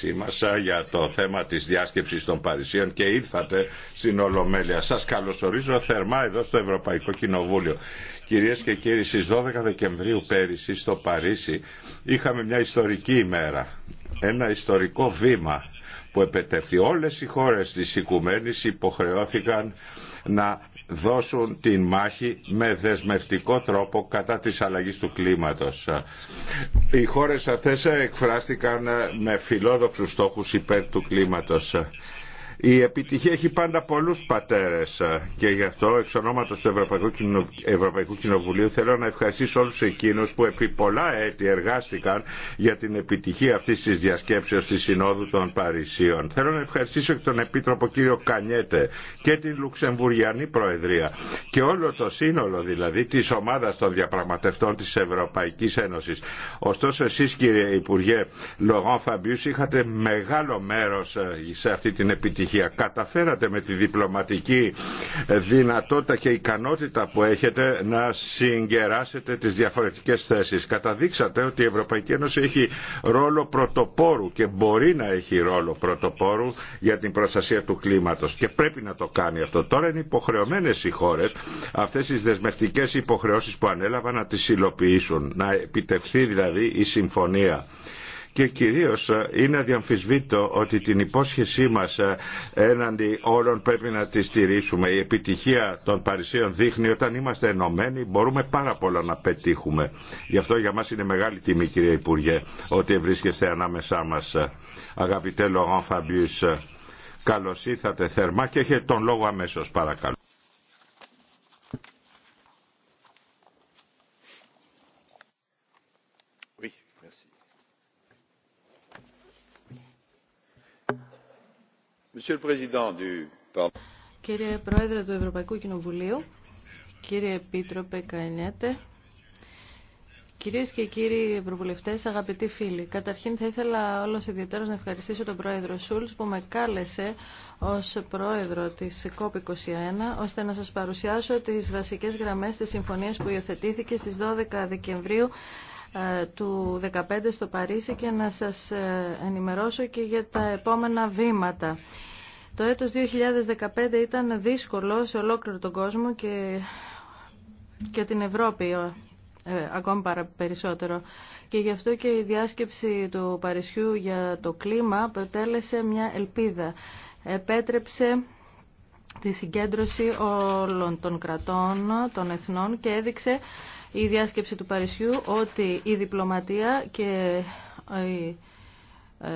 Σήμασα για το θέμα της διάσκεψης των Παρισίων και ήρθατε στην Ολομέλεια. Σας καλωσορίζω θερμά εδώ στο Ευρωπαϊκό Κοινοβούλιο. Κυρίες και κύριοι, στις 12 Δεκεμβρίου πέρυσι στο Παρίσι είχαμε μια ιστορική ημέρα, ένα ιστορικό βήμα που επετεύχθη. Όλες οι χώρες της οικουμένης υποχρεώθηκαν να δώσουν την μάχη με δεσμευτικό τρόπο κατά της αλλαγής του κλίματος. Οι χώρες αυτές εκφράστηκαν με φιλόδοξους στόχους υπέρ του κλίματος. Η επιτυχία έχει πάντα πολλού πατέρε και γι' αυτό εξ ονόματο του Ευρωπαϊκού, Κοινο... Ευρωπαϊκού Κοινοβουλίου θέλω να ευχαριστήσω όλου εκείνου που επί πολλά έτη εργάστηκαν για την επιτυχία αυτή τη διασκέψεω τη Συνόδου των Παρισίων. Θέλω να ευχαριστήσω και τον Επίτροπο κύριο Κανιέτε και την Λουξεμβουριανή Προεδρία και όλο το σύνολο δηλαδή τη ομάδα των διαπραγματευτών τη Ευρωπαϊκή Ένωση. Ωστόσο εσεί κύριε Υπουργέ Λογόν Φαμπίου, είχατε μεγάλο μέρο σε αυτή την επιτυχία Καταφέρατε με τη διπλωματική δυνατότητα και ικανότητα που έχετε να συγκεράσετε τις διαφορετικές θέσεις. Καταδείξατε ότι η Ευρωπαϊκή Ένωση έχει ρόλο πρωτοπόρου και μπορεί να έχει ρόλο πρωτοπόρου για την προστασία του κλίματος και πρέπει να το κάνει αυτό. Τώρα είναι υποχρεωμένες οι χώρες αυτές τις δεσμευτικές υποχρεώσεις που ανέλαβαν να τις υλοποιήσουν, να επιτευχθεί δηλαδή η συμφωνία και κυρίως ε, είναι αδιαμφισβήτο ότι την υπόσχεσή μας ε, έναντι όλων πρέπει να τη στηρίσουμε. Η επιτυχία των Παρισίων δείχνει όταν είμαστε ενωμένοι μπορούμε πάρα πολλά να πετύχουμε. Γι' αυτό για μας είναι μεγάλη τιμή κύριε Υπουργέ ότι βρίσκεστε ανάμεσά μας. Αγαπητέ Λογάν Φαμπιούς, καλώς ήρθατε θερμά και έχετε τον λόγο αμέσως παρακαλώ. Κύριε Πρόεδρε του Ευρωπαϊκού Κοινοβουλίου, κύριε Επίτροπε Κανιέτε, Κυρίε και κύριοι Ευρωβουλευτέ, αγαπητοί φίλοι, καταρχήν θα ήθελα όλο ιδιαίτερω να ευχαριστήσω τον Πρόεδρο Σούλς που με κάλεσε ω Πρόεδρο τη COP21 ώστε να σα παρουσιάσω τι βασικέ γραμμέ τη συμφωνία που υιοθετήθηκε στι 12 Δεκεμβρίου ε, του 2015 στο Παρίσι και να σας ε, ενημερώσω και για τα επόμενα βήματα. Το έτος 2015 ήταν δύσκολο σε ολόκληρο τον κόσμο και, και την Ευρώπη ε, ακόμη παρα, περισσότερο. Και γι' αυτό και η διάσκεψη του Παρισιού για το κλίμα αποτέλεσε μια ελπίδα. Επέτρεψε τη συγκέντρωση όλων των κρατών, των εθνών και έδειξε η διάσκεψη του Παρισιού ότι η διπλωματία και οι ε,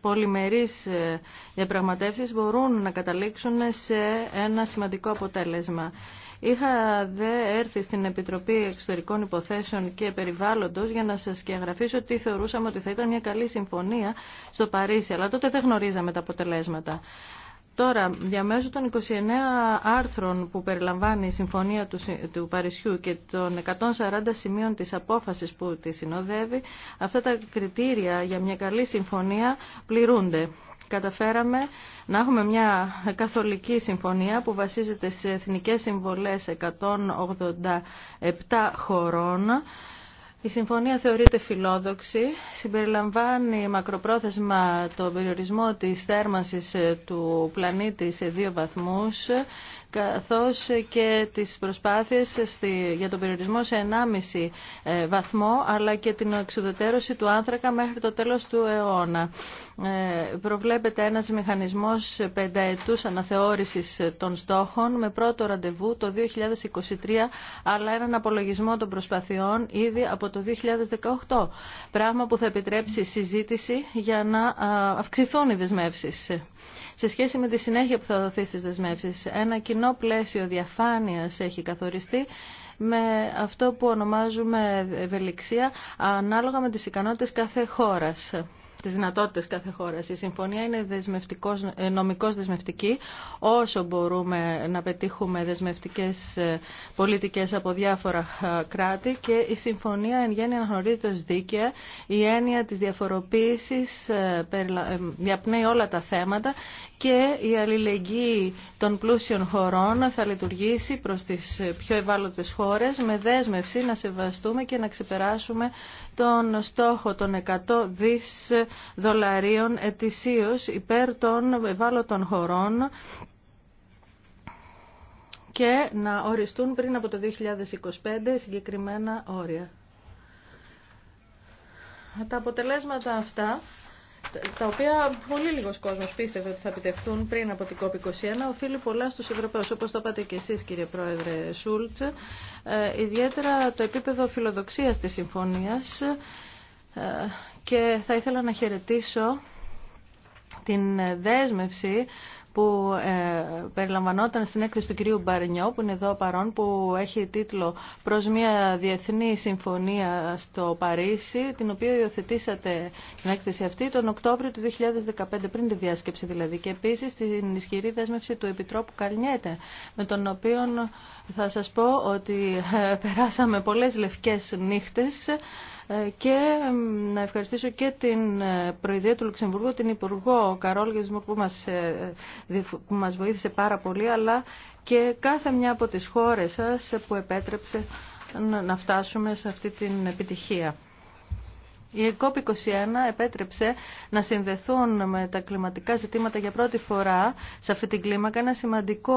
πολυμερείς ε, διαπραγματεύσεις μπορούν να καταλήξουν σε ένα σημαντικό αποτέλεσμα. Είχα δε έρθει στην Επιτροπή Εξωτερικών Υποθέσεων και Περιβάλλοντος για να σας και ότι θεωρούσαμε ότι θα ήταν μια καλή συμφωνία στο Παρίσι, αλλά τότε δεν γνωρίζαμε τα αποτελέσματα. Τώρα, διαμέσου των 29 άρθρων που περιλαμβάνει η Συμφωνία του, του Παρισιού και των 140 σημείων της απόφασης που τη συνοδεύει, αυτά τα κριτήρια για μια καλή συμφωνία πληρούνται. Καταφέραμε να έχουμε μια καθολική συμφωνία που βασίζεται σε εθνικές συμβολές 187 χωρών, η συμφωνία θεωρείται φιλόδοξη, συμπεριλαμβάνει μακροπρόθεσμα το περιορισμό της θέρμανσης του πλανήτη σε δύο βαθμούς, καθώς και τις προσπάθειες για τον περιορισμό σε 1,5 ε, βαθμό αλλά και την εξουδετερώση του άνθρακα μέχρι το τέλος του αιώνα. Ε, προβλέπεται ένας μηχανισμός πενταετούς αναθεώρησης των στόχων με πρώτο ραντεβού το 2023 αλλά έναν απολογισμό των προσπαθειών ήδη από το 2018. Πράγμα που θα επιτρέψει συζήτηση για να αυξηθούν οι δεσμεύσεις σε σχέση με τη συνέχεια που θα δοθεί στις δεσμεύσεις. Ένα κοινό πλαίσιο διαφάνειας έχει καθοριστεί με αυτό που ονομάζουμε ευελιξία ανάλογα με τις ικανότητες κάθε χώρας τις δυνατότητες κάθε χώρας. Η συμφωνία είναι δεσμευτικός, ε, νομικός δεσμευτική όσο μπορούμε να πετύχουμε δεσμευτικές ε, πολιτικές από διάφορα κράτη και η συμφωνία εν γέννη αναγνωρίζεται ως δίκαια. Η έννοια της διαφοροποίησης ε, διαπνέει όλα τα θέματα και η αλληλεγγύη των πλούσιων χωρών θα λειτουργήσει προς τις πιο ευάλωτες χώρες με δέσμευση να σεβαστούμε και να ξεπεράσουμε τον στόχο των 100 δις δολαρίων ετησίως υπέρ των ευάλωτων χωρών και να οριστούν πριν από το 2025 συγκεκριμένα όρια. Τα αποτελέσματα αυτά τα οποία πολύ λίγος κόσμος πίστευε ότι θα επιτευχθούν πριν από την COP21, οφείλει πολλά στου Ευρωπαίους. Όπως το είπατε και εσεί, κύριε Πρόεδρε Σούλτ, ε, ιδιαίτερα το επίπεδο φιλοδοξίας της συμφωνίας ε, και θα ήθελα να χαιρετήσω την δέσμευση που ε, περιλαμβανόταν στην έκθεση του κυρίου Μπαρνιό, που είναι εδώ παρόν, που έχει τίτλο «Προς μια διεθνή συμφωνία στο Παρίσι», την οποία υιοθετήσατε την έκθεση αυτή τον Οκτώβριο του 2015, πριν τη διάσκεψη δηλαδή, και επίσης την ισχυρή δέσμευση του Επιτρόπου Καλνιέτε, με τον οποίο θα σας πω ότι ε, περάσαμε πολλές λευκές νύχτες ε, και να ευχαριστήσω και την ε, Προεδρία του Λουξεμβούργου, την Υπουργό Καρόλ Γεσμούρ που μας, ε, που βοήθησε πάρα πολύ, αλλά και κάθε μια από τις χώρες σας που επέτρεψε να φτάσουμε σε αυτή την επιτυχία. Η COP21 επέτρεψε να συνδεθούν με τα κλιματικά ζητήματα για πρώτη φορά σε αυτή την κλίμακα ένα σημαντικό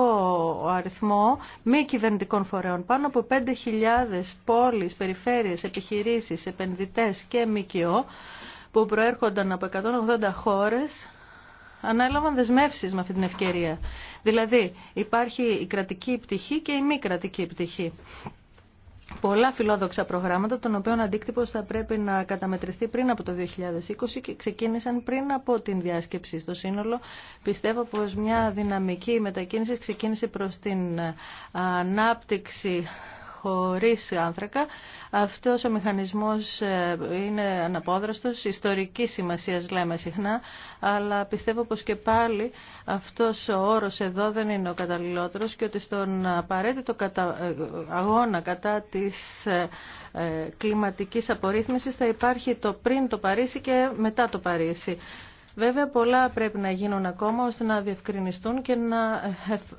αριθμό μη κυβερνητικών φορέων. Πάνω από 5.000 πόλεις, περιφέρειες, επιχειρήσεις, επενδυτές και ΜΚΟ που προέρχονταν από 180 χώρες ανέλαβαν δεσμεύσεις με αυτή την ευκαιρία. Δηλαδή υπάρχει η κρατική πτυχή και η μη κρατική πτυχή πολλά φιλόδοξα προγράμματα, των οποίων αντίκτυπος θα πρέπει να καταμετρηθεί πριν από το 2020 και ξεκίνησαν πριν από την διάσκεψη στο σύνολο. Πιστεύω πως μια δυναμική μετακίνηση ξεκίνησε προς την ε, ανάπτυξη χωρίς άνθρακα. Αυτός ο μηχανισμός ε, είναι αναπόδραστος, ιστορική σημασία λέμε συχνά, αλλά πιστεύω πως και πάλι αυτός ο όρος εδώ δεν είναι ο καταλληλότερος και ότι στον απαραίτητο ε, αγώνα κατά της ε, κλιματικής απορρίθμισης θα υπάρχει το πριν το Παρίσι και μετά το Παρίσι. Βέβαια πολλά πρέπει να γίνουν ακόμα ώστε να διευκρινιστούν και να,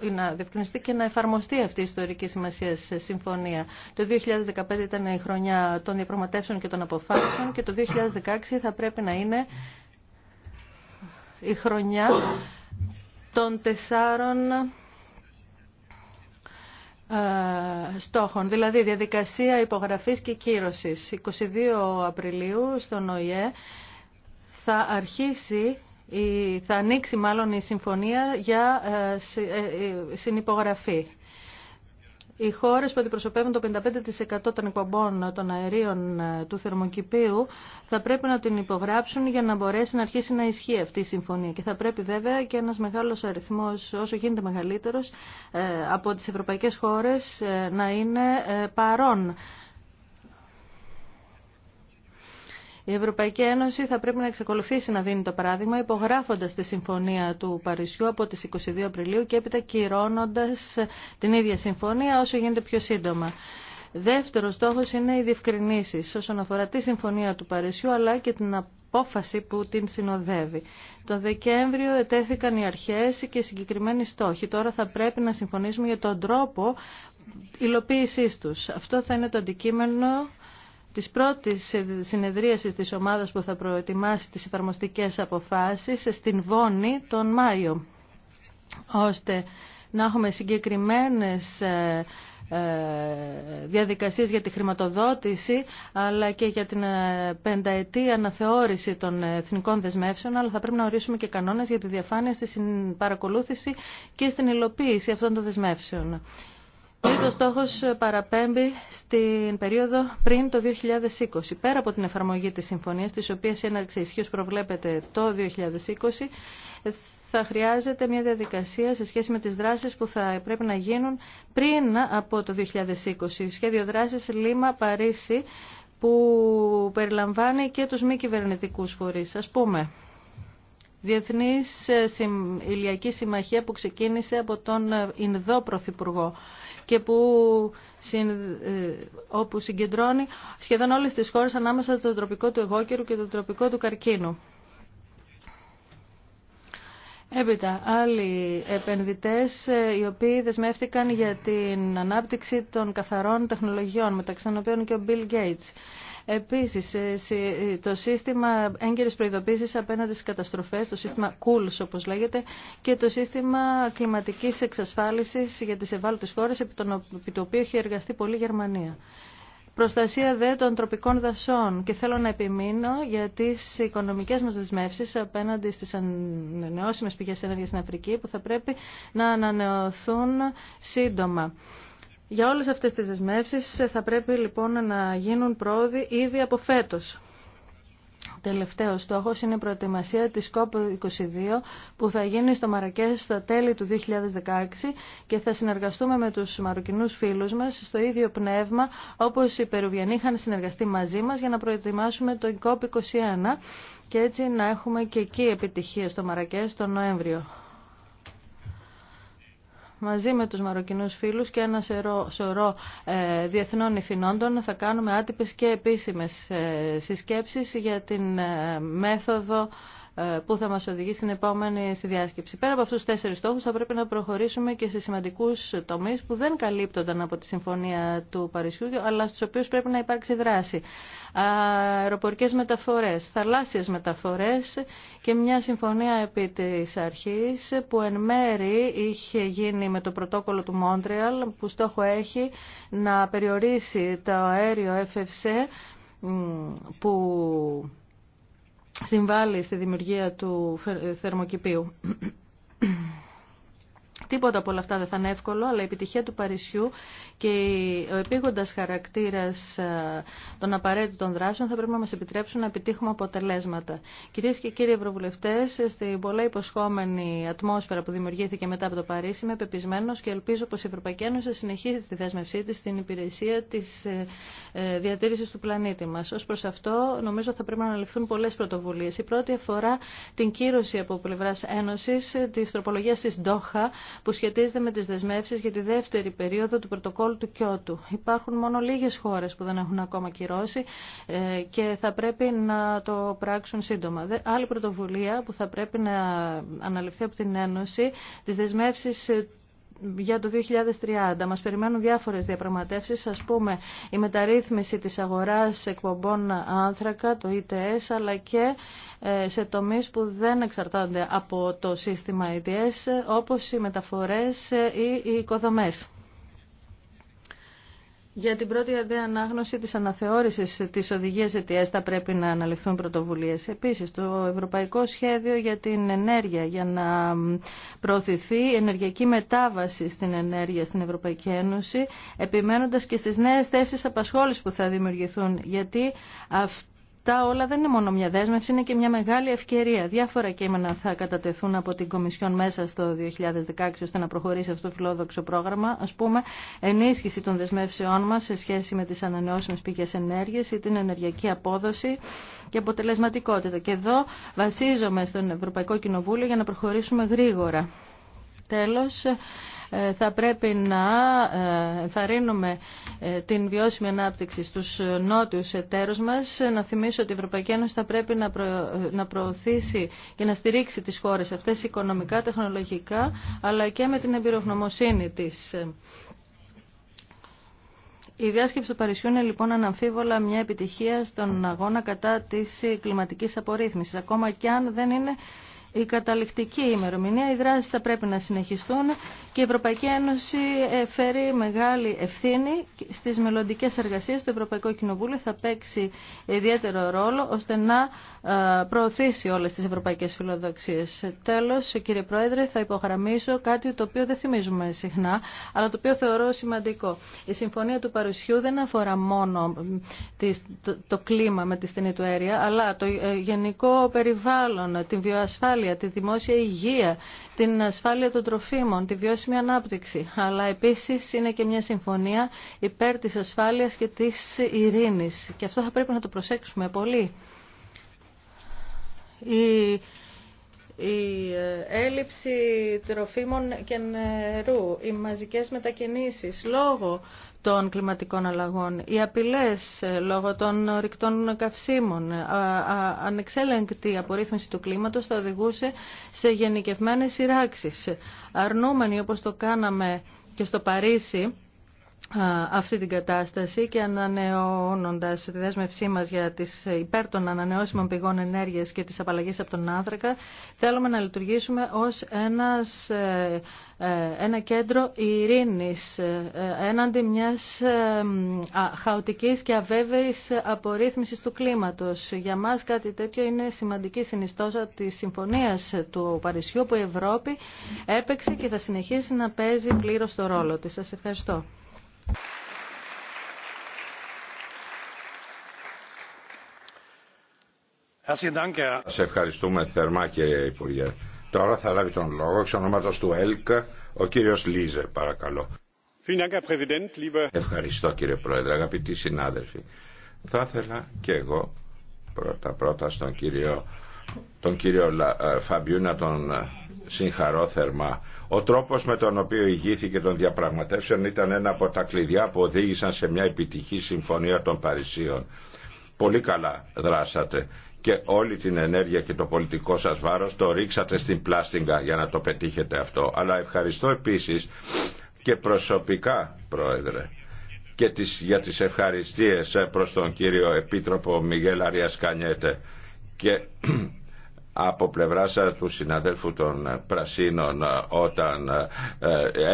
ε, να διευκρινιστεί και να εφαρμοστεί αυτή η ιστορική σημασία σε συμφωνία. Το 2015 ήταν η χρονιά των διαπραγματεύσεων και των αποφάσεων και το 2016 θα πρέπει να είναι η χρονιά των τεσσάρων ε, στόχων, δηλαδή διαδικασία υπογραφής και κύρωσης. 22 Απριλίου στον ΟΗΕ θα αρχίσει θα ανοίξει μάλλον η συμφωνία για ε, ε, ε, συνυπογραφή. Οι χώρες που αντιπροσωπεύουν το 55% των εκπομπών των αερίων του θερμοκηπίου θα πρέπει να την υπογράψουν για να μπορέσει να αρχίσει να ισχύει αυτή η συμφωνία. Και θα πρέπει βέβαια και ένας μεγάλος αριθμός, όσο γίνεται μεγαλύτερος, από τις ευρωπαϊκές χώρες να είναι παρόν Η Ευρωπαϊκή Ένωση θα πρέπει να εξακολουθήσει να δίνει το παράδειγμα υπογράφοντας τη Συμφωνία του Παρισιού από τις 22 Απριλίου και έπειτα κυρώνοντας την ίδια συμφωνία όσο γίνεται πιο σύντομα. Δεύτερο στόχο είναι οι διευκρινήσει όσον αφορά τη Συμφωνία του Παρισιού αλλά και την απόφαση που την συνοδεύει. Το Δεκέμβριο ετέθηκαν οι αρχέ και οι συγκεκριμένοι στόχοι. Τώρα θα πρέπει να συμφωνήσουμε για τον τρόπο υλοποίησή του. Αυτό θα είναι το αντικείμενο της πρώτης συνεδρίασης της ομάδας που θα προετοιμάσει τις εφαρμοστικέ αποφάσεις στην Βόνη τον Μάιο, ώστε να έχουμε συγκεκριμένες ε, ε, διαδικασίες για τη χρηματοδότηση αλλά και για την ε, πενταετή αναθεώρηση των εθνικών δεσμεύσεων αλλά θα πρέπει να ορίσουμε και κανόνες για τη διαφάνεια στη παρακολούθηση και στην υλοποίηση αυτών των δεσμεύσεων ο στόχος ε, παραπέμπει στην περίοδο πριν το 2020. Πέρα από την εφαρμογή της συμφωνίας, τη οποία η έναρξη ισχύω προβλέπεται το 2020, θα χρειάζεται μια διαδικασία σε σχέση με τις δράσεις που θα πρέπει να γίνουν πριν από το 2020. σχεδιο δράση δράσης Λίμα-Παρίσι που περιλαμβάνει και του μη κυβερνητικού φορεί. Α πούμε, διεθνή ε, Ηλιακή Συμμαχία που ξεκίνησε από τον ε, Ινδό Πρωθυπουργό και ε, όπου συγκεντρώνει σχεδόν όλες τις χώρες ανάμεσα στο τροπικό του εγώκερου και το τροπικό του καρκίνου. Έπειτα, άλλοι επενδυτές ε, οι οποίοι δεσμεύτηκαν για την ανάπτυξη των καθαρών τεχνολογιών, μεταξύ των οποίων και ο Bill Gates. Επίσης, ε, ε, το σύστημα έγκαιρης προειδοποίηση απέναντι στις καταστροφές, το σύστημα COOLS όπω λέγεται, και το σύστημα κλιματική εξασφάλισης για τις ευάλωτε χώρε, επί το οποίο έχει εργαστεί πολύ η Γερμανία. Προστασία δε των τροπικών δασών και θέλω να επιμείνω για τι οικονομικές μας δεσμεύσεις απέναντι στι ανανεώσιμες πηγέ ενέργεια στην Αφρική που θα πρέπει να ανανεωθούν σύντομα. Για όλες αυτές τις δεσμεύσεις θα πρέπει λοιπόν να γίνουν πρόοδοι ήδη από φέτος. Τελευταίο στόχο είναι η προετοιμασία τη COP22 που θα γίνει στο Μαρακέ στα τέλη του 2016 και θα συνεργαστούμε με του μαροκινού φίλου μα στο ίδιο πνεύμα όπω οι Περουβιανοί είχαν συνεργαστεί μαζί μα για να προετοιμάσουμε το COP21 και έτσι να έχουμε και εκεί επιτυχία στο Μαρακέ τον Νοέμβριο μαζί με τους μαροκινούς φίλους και ένα σωρό ε, διεθνών ηθινόντων θα κάνουμε άτυπες και επίσημες ε, συσκέψεις για την ε, μέθοδο ε, που θα μας οδηγεί στην επόμενη στη διάσκεψη. Πέρα από αυτούς τους τέσσερις στόχους θα πρέπει να προχωρήσουμε και σε σημαντικούς τομείς που δεν καλύπτονταν από τη Συμφωνία του Παρισιού αλλά στους οποίους πρέπει να υπάρξει δράση. Αεροπορικές μεταφορές, θαλάσσιες μεταφορές και μια συμφωνία επί της αρχής που εν μέρη είχε γίνει με το πρωτόκολλο του Μόντρεαλ που στόχο έχει να περιορίσει το αέριο FFC που συμβάλλει στη δημιουργία του θερμοκηπίου. Τίποτα από όλα αυτά δεν θα είναι εύκολο, αλλά η επιτυχία του Παρισιού και ο επίγοντα χαρακτήρα ε, των απαραίτητων δράσεων θα πρέπει να μα επιτρέψουν να επιτύχουμε αποτελέσματα. Κυρίε και κύριοι Ευρωβουλευτέ, στην πολλά υποσχόμενη ατμόσφαιρα που δημιουργήθηκε μετά από το Παρίσι, είμαι πεπισμένο και ελπίζω πως η Ευρωπαϊκή Ένωση θα συνεχίσει τη δέσμευσή τη στην υπηρεσία τη ε, ε, διατήρηση του πλανήτη μα. Ω προ αυτό, νομίζω θα πρέπει να αναλυφθούν πολλέ πρωτοβουλίε. Η πρώτη αφορά την κύρωση από πλευρά Ένωση τη τροπολογία τη Ντόχα που σχετίζεται με τις δεσμεύσεις για τη δεύτερη περίοδο του πρωτοκόλλου του Κιώτου. Υπάρχουν μόνο λίγε χώρε που δεν έχουν ακόμα κυρώσει ε, και θα πρέπει να το πράξουν σύντομα. Άλλη πρωτοβουλία που θα πρέπει να αναλυφθεί από την Ένωση, τις δεσμεύσεις για το 2030. Μας περιμένουν διάφορες διαπραγματεύσεις, ας πούμε η μεταρρύθμιση της αγοράς εκπομπών άνθρακα, το ETS, αλλά και ε, σε τομείς που δεν εξαρτάται από το σύστημα ETS, όπως οι μεταφορές ε, ή οι οικοδομές. Για την πρώτη αδέα ανάγνωση της αναθεώρησης της οδηγίας ETS θα πρέπει να αναλυθούν πρωτοβουλίες. Επίσης, το Ευρωπαϊκό Σχέδιο για την Ενέργεια για να προωθηθεί ενεργειακή μετάβαση στην ενέργεια στην Ευρωπαϊκή Ένωση, επιμένοντας και στις νέες θέσεις απασχόλησης που θα δημιουργηθούν, γιατί αυτό τα όλα δεν είναι μόνο μια δέσμευση, είναι και μια μεγάλη ευκαιρία. Διάφορα κείμενα θα κατατεθούν από την Κομισιόν μέσα στο 2016 ώστε να προχωρήσει αυτό το φιλόδοξο πρόγραμμα. Α πούμε, ενίσχυση των δεσμεύσεών μα σε σχέση με τι ανανεώσιμε πηγέ ενέργεια ή την ενεργειακή απόδοση και αποτελεσματικότητα. Και εδώ βασίζομαι στον Ευρωπαϊκό Κοινοβούλιο για να προχωρήσουμε γρήγορα. Τέλος, θα πρέπει να ε, θαρρύνουμε ε, την βιώσιμη ανάπτυξη στους νότιους εταίρους μας. Να θυμίσω ότι η Ευρωπαϊκή Ένωση θα πρέπει να, ε, να προωθήσει και να στηρίξει τις χώρες αυτές οικονομικά, τεχνολογικά, αλλά και με την εμπειρογνωμοσύνη της. Η διάσκεψη του Παρισιού είναι λοιπόν αναμφίβολα μια επιτυχία στον αγώνα κατά της κλιματικής απορρίθμισης, ακόμα και αν δεν είναι η καταληκτική ημερομηνία. Οι δράσεις θα πρέπει να συνεχιστούν και η Ευρωπαϊκή Ένωση ε, φέρει μεγάλη ευθύνη στις μελλοντικέ εργασίες. Το Ευρωπαϊκό Κοινοβούλιο θα παίξει ιδιαίτερο ρόλο ώστε να ε, προωθήσει όλες τις ευρωπαϊκές φιλοδοξίες. Τέλος, κύριε Πρόεδρε, θα υπογραμμίσω κάτι το οποίο δεν θυμίζουμε συχνά, αλλά το οποίο θεωρώ σημαντικό. Η Συμφωνία του Παρουσιού δεν αφορά μόνο το κλίμα με τη στενή του αέρια, αλλά το ε, γενικό περιβάλλον, την βιοασφάλεια, ασφάλεια, τη δημόσια υγεία, την ασφάλεια των τροφίμων, τη βιώσιμη ανάπτυξη. Αλλά επίσης είναι και μια συμφωνία υπέρ της ασφάλειας και της ειρήνης. Και αυτό θα πρέπει να το προσέξουμε πολύ η ε, έλλειψη τροφίμων και νερού, οι μαζικές μετακινήσεις λόγω των κλιματικών αλλαγών, οι απειλές ε, λόγω των ρηκτών καυσίμων, ε, ανεξέλεγκτη απορρίθμιση του κλίματος θα οδηγούσε σε γενικευμένες σειράξεις. Αρνούμενοι όπως το κάναμε και στο Παρίσι, αυτή την κατάσταση και ανανεώνοντας τη δέσμευσή μας για τις υπέρ των ανανεώσιμων πηγών ενέργειας και τις απαλλαγές από τον άνθρακα, θέλουμε να λειτουργήσουμε ως ε, ε, ένα κέντρο ειρήνης ε, έναντι μιας χαοτικής και αβέβαιης απορρίθμισης του κλίματος. Για μας κάτι τέτοιο είναι σημαντική συνιστόσα της συμφωνίας του Παρισιού που η Ευρώπη έπαιξε και θα συνεχίσει να παίζει πλήρως το ρόλο της. Σας ευχαριστώ. Σε ευχαριστούμε θερμά κύριε Υπουργέ. Τώρα θα λάβει τον λόγο εξ ονόματος του ΕΛΚ ο κύριος Λίζε παρακαλώ. Ευχαριστώ κύριε Πρόεδρε, αγαπητοί συνάδελφοι. Θα ήθελα και εγώ πρώτα πρώτα στον κύριο, τον κύριο ε, Φαμπιού να τον ε, συγχαρώ θερμά. Ο τρόπος με τον οποίο ηγήθηκε των διαπραγματεύσεων ήταν ένα από τα κλειδιά που οδήγησαν σε μια επιτυχή συμφωνία των Παρισίων. Πολύ καλά δράσατε και όλη την ενέργεια και το πολιτικό σας βάρος το ρίξατε στην πλάστιγκα για να το πετύχετε αυτό. Αλλά ευχαριστώ επίσης και προσωπικά, Πρόεδρε, και τις, για τις ευχαριστίες ε, προς τον κύριο Επίτροπο Μιγέλα Ριασκανιέτε και από πλευρά ε, του συναδέλφου των ε, Πρασίνων ε, όταν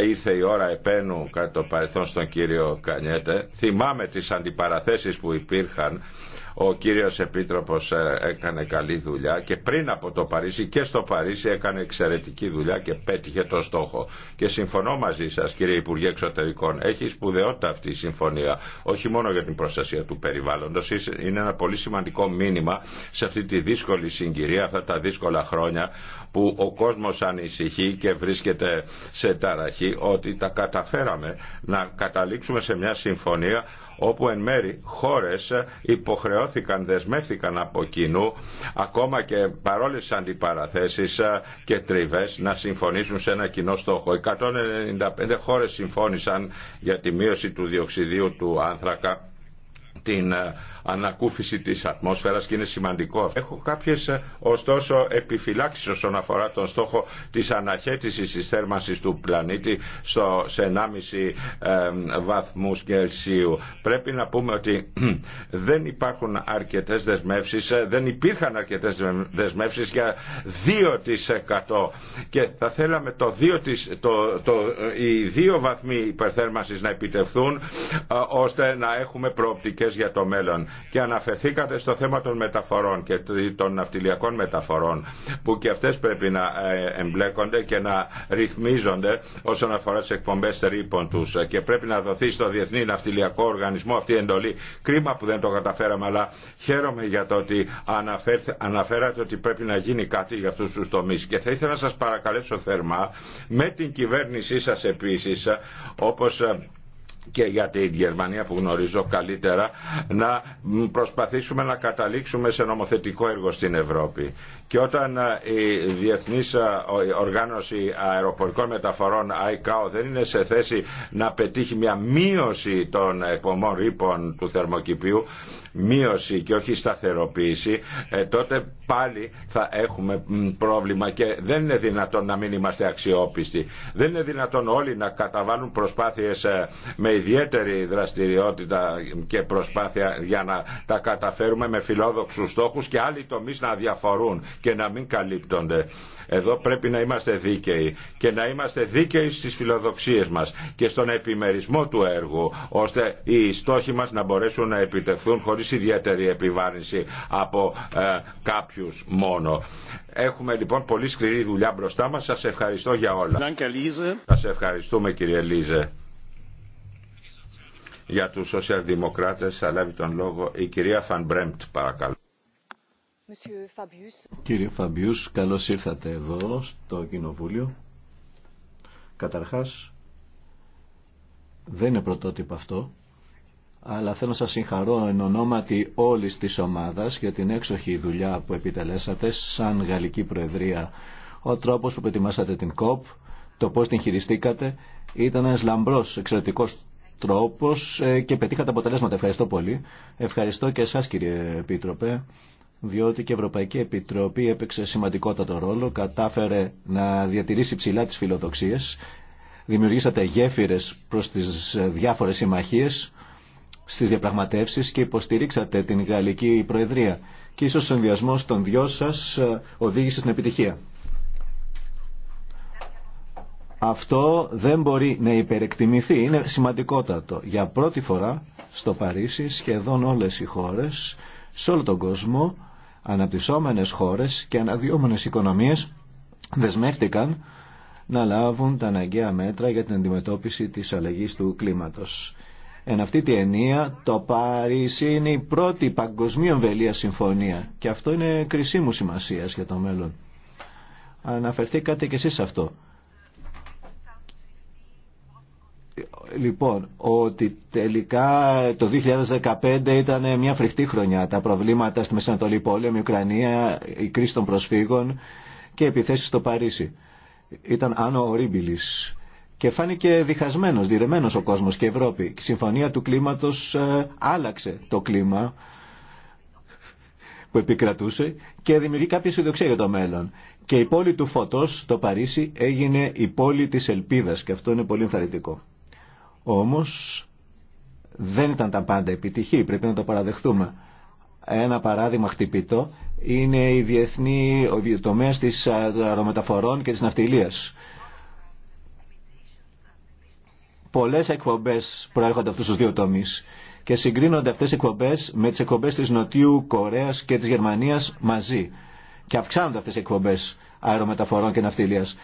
ήρθε η ώρα επένου κατά το παρελθόν στον κύριο Κανιέτε. Θυμάμαι τις αντιπαραθέσεις που υπήρχαν ο κύριος Επίτροπος ε, έκανε καλή δουλειά και πριν από το Παρίσι και στο Παρίσι έκανε εξαιρετική δουλειά και πέτυχε το στόχο. Και συμφωνώ μαζί σας κύριε Υπουργέ Εξωτερικών, έχει σπουδαιότητα αυτή η συμφωνία, όχι μόνο για την προστασία του περιβάλλοντος, είναι ένα πολύ σημαντικό μήνυμα σε αυτή τη δύσκολη συγκυρία, αυτά τα δύσκολα χρόνια που ο κόσμος ανησυχεί και βρίσκεται σε ταραχή ότι τα καταφέραμε να καταλήξουμε σε μια συμφωνία όπου εν μέρη χώρες υποχρεώθηκαν, δεσμεύθηκαν από κοινού ακόμα και παρόλες αντιπαραθέσεις και τριβές να συμφωνήσουν σε ένα κοινό στόχο. 195 χώρες συμφώνησαν για τη μείωση του διοξιδίου του άνθρακα την ανακούφιση της ατμόσφαιρας και είναι σημαντικό Έχω κάποιες ε, ωστόσο επιφυλάξεις όσον αφορά τον στόχο της αναχέτησης της θέρμανσης του πλανήτη στο, σε 1,5 ε, βαθμούς Κελσίου. Πρέπει να πούμε ότι δεν υπάρχουν αρκετές δεσμεύσεις, ε, δεν υπήρχαν αρκετές δεσμεύσεις για 2% και θα θέλαμε το 2 το, το, οι δύο βαθμοί υπερθέρμανσης να επιτευχθούν ώστε να έχουμε προοπτικές για το μέλλον και αναφερθήκατε στο θέμα των μεταφορών και των ναυτιλιακών μεταφορών που και αυτές πρέπει να ε, εμπλέκονται και να ρυθμίζονται όσον αφορά τις εκπομπές τρύπων τους και πρέπει να δοθεί στο Διεθνή Ναυτιλιακό Οργανισμό αυτή η εντολή. Κρίμα που δεν το καταφέραμε αλλά χαίρομαι για το ότι αναφέρατε ότι πρέπει να γίνει κάτι για αυτούς τους τομείς και θα ήθελα να σας παρακαλέσω θερμά με την κυβέρνησή σας επίσης όπως ε, και για την Γερμανία που γνωρίζω καλύτερα να προσπαθήσουμε να καταλήξουμε σε νομοθετικό έργο στην Ευρώπη. Και όταν ε, η διεθνή ε, Οργάνωση Αεροπορικών Μεταφορών ICAO δεν είναι σε θέση να πετύχει μια μείωση των εκπομπών ρήπων του θερμοκηπίου, μείωση και όχι σταθεροποίηση, ε, τότε πάλι θα έχουμε πρόβλημα και δεν είναι δυνατόν να μην είμαστε αξιόπιστοι. Δεν είναι δυνατόν όλοι να καταβάλουν προσπάθειες με ιδιαίτερη δραστηριότητα και προσπάθεια για να τα καταφέρουμε με φιλόδοξους στόχους και άλλοι τομείς να διαφορούν και να μην καλύπτονται. Εδώ πρέπει να είμαστε δίκαιοι και να είμαστε δίκαιοι στις φιλοδοξίες μας και στον επιμερισμό του έργου ώστε οι στόχοι μας να μπορέσουν να επιτευχθούν χωρίς ιδιαίτερη επιβάρυνση από ε, κάποιους μόνο. Έχουμε λοιπόν πολύ σκληρή δουλειά μπροστά μας. Σας ευχαριστώ για όλα. Σας ευχαριστούμε κύριε Λίζε. Για τους σοσιαλδημοκράτες θα λάβει τον λόγο η κυρία Φανμπρέμπτ παρακαλώ. Κύριε Φαμπιούς, καλώς ήρθατε εδώ στο Κοινοβούλιο. Καταρχάς, δεν είναι πρωτότυπο αυτό, αλλά θέλω να σας συγχαρώ εν ονόματι όλης της ομάδας για την έξοχη δουλειά που επιτελέσατε σαν Γαλλική Προεδρία. Ο τρόπος που προετοιμάσατε την ΚΟΠ, το πώς την χειριστήκατε, ήταν ένας λαμπρός, εξαιρετικός ε, και πετύχατε αποτελέσματα. Ευχαριστώ πολύ. Ευχαριστώ και εσάς κύριε Επίτροπε διότι και η Ευρωπαϊκή Επιτροπή έπαιξε σημαντικότατο ρόλο, κατάφερε να διατηρήσει ψηλά τις φιλοδοξίες, δημιουργήσατε γέφυρες προς τις ε, διάφορες συμμαχίες στις διαπραγματεύσεις και υποστηρίξατε την Γαλλική Προεδρία και ίσως ο συνδυασμός των δυο σας ε, οδήγησε στην επιτυχία. Αυτό δεν μπορεί να υπερεκτιμηθεί, είναι σημαντικότατο. Για πρώτη φορά στο Παρίσι σχεδόν όλες οι χώρες, σε όλο τον κόσμο, αναπτυσσόμενες χώρες και αναδυόμενες οικονομίες δεσμεύτηκαν να λάβουν τα αναγκαία μέτρα για την αντιμετώπιση της αλλαγής του κλίματος. Εν αυτή τη ενία το Παρίσι είναι η πρώτη παγκοσμίω βελία συμφωνία και αυτό είναι κρισίμου σημασίας για το μέλλον. Αναφερθήκατε και εσείς αυτό. Λοιπόν, ότι τελικά το 2015 ήταν μια φρικτή χρονιά. Τα προβλήματα στη Μεσανατολή Πόλεμη, η Ουκρανία, η κρίση των προσφύγων και επιθέσεις στο Παρίσι. Ήταν άνω Και φάνηκε διχασμένος, διρεμένος ο κόσμος και η Ευρώπη. Η συμφωνία του κλίματος ε, άλλαξε το κλίμα που επικρατούσε και δημιουργεί κάποια συνδοξία για το μέλλον. Και η πόλη του φωτός, το Παρίσι, έγινε η πόλη της ελπίδας και αυτό είναι πολύ ενθαρρυντικό. Όμως δεν ήταν τα πάντα επιτυχή, πρέπει να το παραδεχτούμε. Ένα παράδειγμα χτυπητό είναι η διεθνή τομέα της αερομεταφορών και της ναυτιλίας. Πολλές εκπομπές προέρχονται αυτούς τους δύο τομείς και συγκρίνονται αυτές οι εκπομπές με τις εκπομπές της Νοτιού Κορέας και της Γερμανίας μαζί. Και αυξάνονται αυτές οι εκπομπές αερομεταφορών και ναυτιλίας.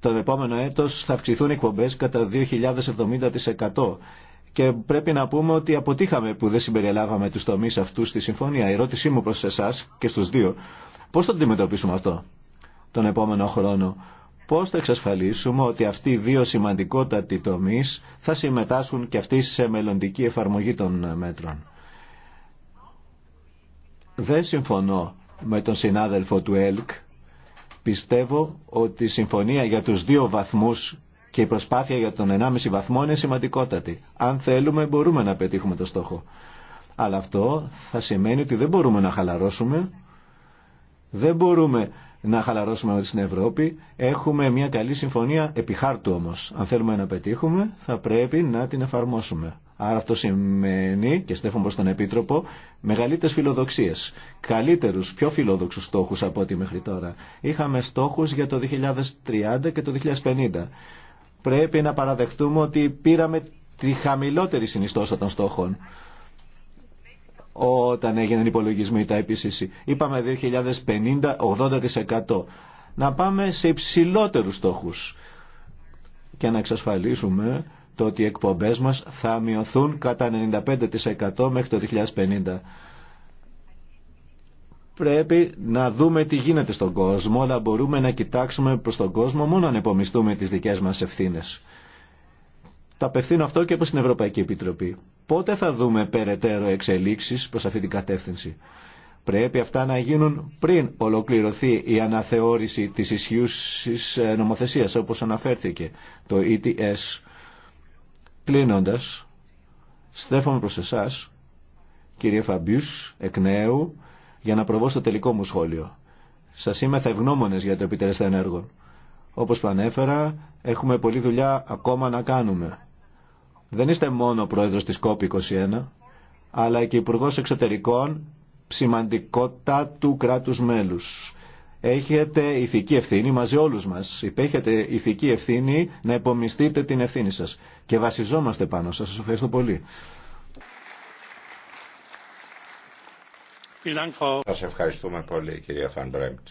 Το επόμενο έτος θα αυξηθούν οι εκπομπές κατά 2.070% και πρέπει να πούμε ότι αποτύχαμε που δεν συμπεριλάβαμε τους τομείς αυτούς στη συμφωνία. Η ερώτησή μου προς εσάς και στους δύο, πώς θα αντιμετωπίσουμε αυτό τον επόμενο χρόνο. Πώς θα εξασφαλίσουμε ότι αυτοί οι δύο σημαντικότατοι τομείς θα συμμετάσχουν και αυτοί σε μελλοντική εφαρμογή των μέτρων. Δεν συμφωνώ με τον συνάδελφο του ΕΛΚ Πιστεύω ότι η συμφωνία για τους δύο βαθμούς και η προσπάθεια για τον 1,5 βαθμό είναι σημαντικότατη. Αν θέλουμε μπορούμε να πετύχουμε το στόχο. Αλλά αυτό θα σημαίνει ότι δεν μπορούμε να χαλαρώσουμε. Δεν μπορούμε να χαλαρώσουμε ότι την Ευρώπη. Έχουμε μια καλή συμφωνία επί χάρτου όμως. Αν θέλουμε να πετύχουμε θα πρέπει να την εφαρμόσουμε. Άρα αυτό σημαίνει, και στέφω προς τον Επίτροπο, μεγαλύτερες φιλοδοξίες, καλύτερους, πιο φιλόδοξους στόχους από ό,τι μέχρι τώρα. Είχαμε στόχους για το 2030 και το 2050. Πρέπει να παραδεχτούμε ότι πήραμε τη χαμηλότερη συνιστόσα των στόχων όταν έγιναν υπολογισμοί τα IPCC. Είπαμε 2050 80%. Να πάμε σε υψηλότερους στόχους και να εξασφαλίσουμε το ότι οι εκπομπές μας θα μειωθούν κατά 95% μέχρι το 2050. Πρέπει να δούμε τι γίνεται στον κόσμο, αλλά μπορούμε να κοιτάξουμε προς τον κόσμο μόνο αν επομιστούμε τις δικές μας ευθύνες. Τα απευθύνω αυτό και προς την Ευρωπαϊκή Επιτροπή. Πότε θα δούμε περαιτέρω εξελίξεις προς αυτή την κατεύθυνση. Πρέπει αυτά να γίνουν πριν ολοκληρωθεί η αναθεώρηση της ισχύουσης νομοθεσίας όπως αναφέρθηκε το ETS. Κλείνοντας, στρέφομαι προς εσάς, κύριε Φαμπιούς, εκ νέου, για να προβώ στο τελικό μου σχόλιο. Σας είμαι για το επιτελεστέν έργο. Όπως πανέφερα, έχουμε πολλή δουλειά ακόμα να κάνουμε. Δεν είστε μόνο πρόεδρος της COP21, αλλά και υπουργό εξωτερικών σημαντικότητα του κράτους μέλους έχετε ηθική ευθύνη μαζί όλους μας. Υπέχετε ηθική ευθύνη να υπομειστείτε την ευθύνη σας. Και βασιζόμαστε πάνω σας. Σας ευχαριστώ πολύ. Σας ευχαριστούμε πολύ κυρία Φανμπρέμπτ.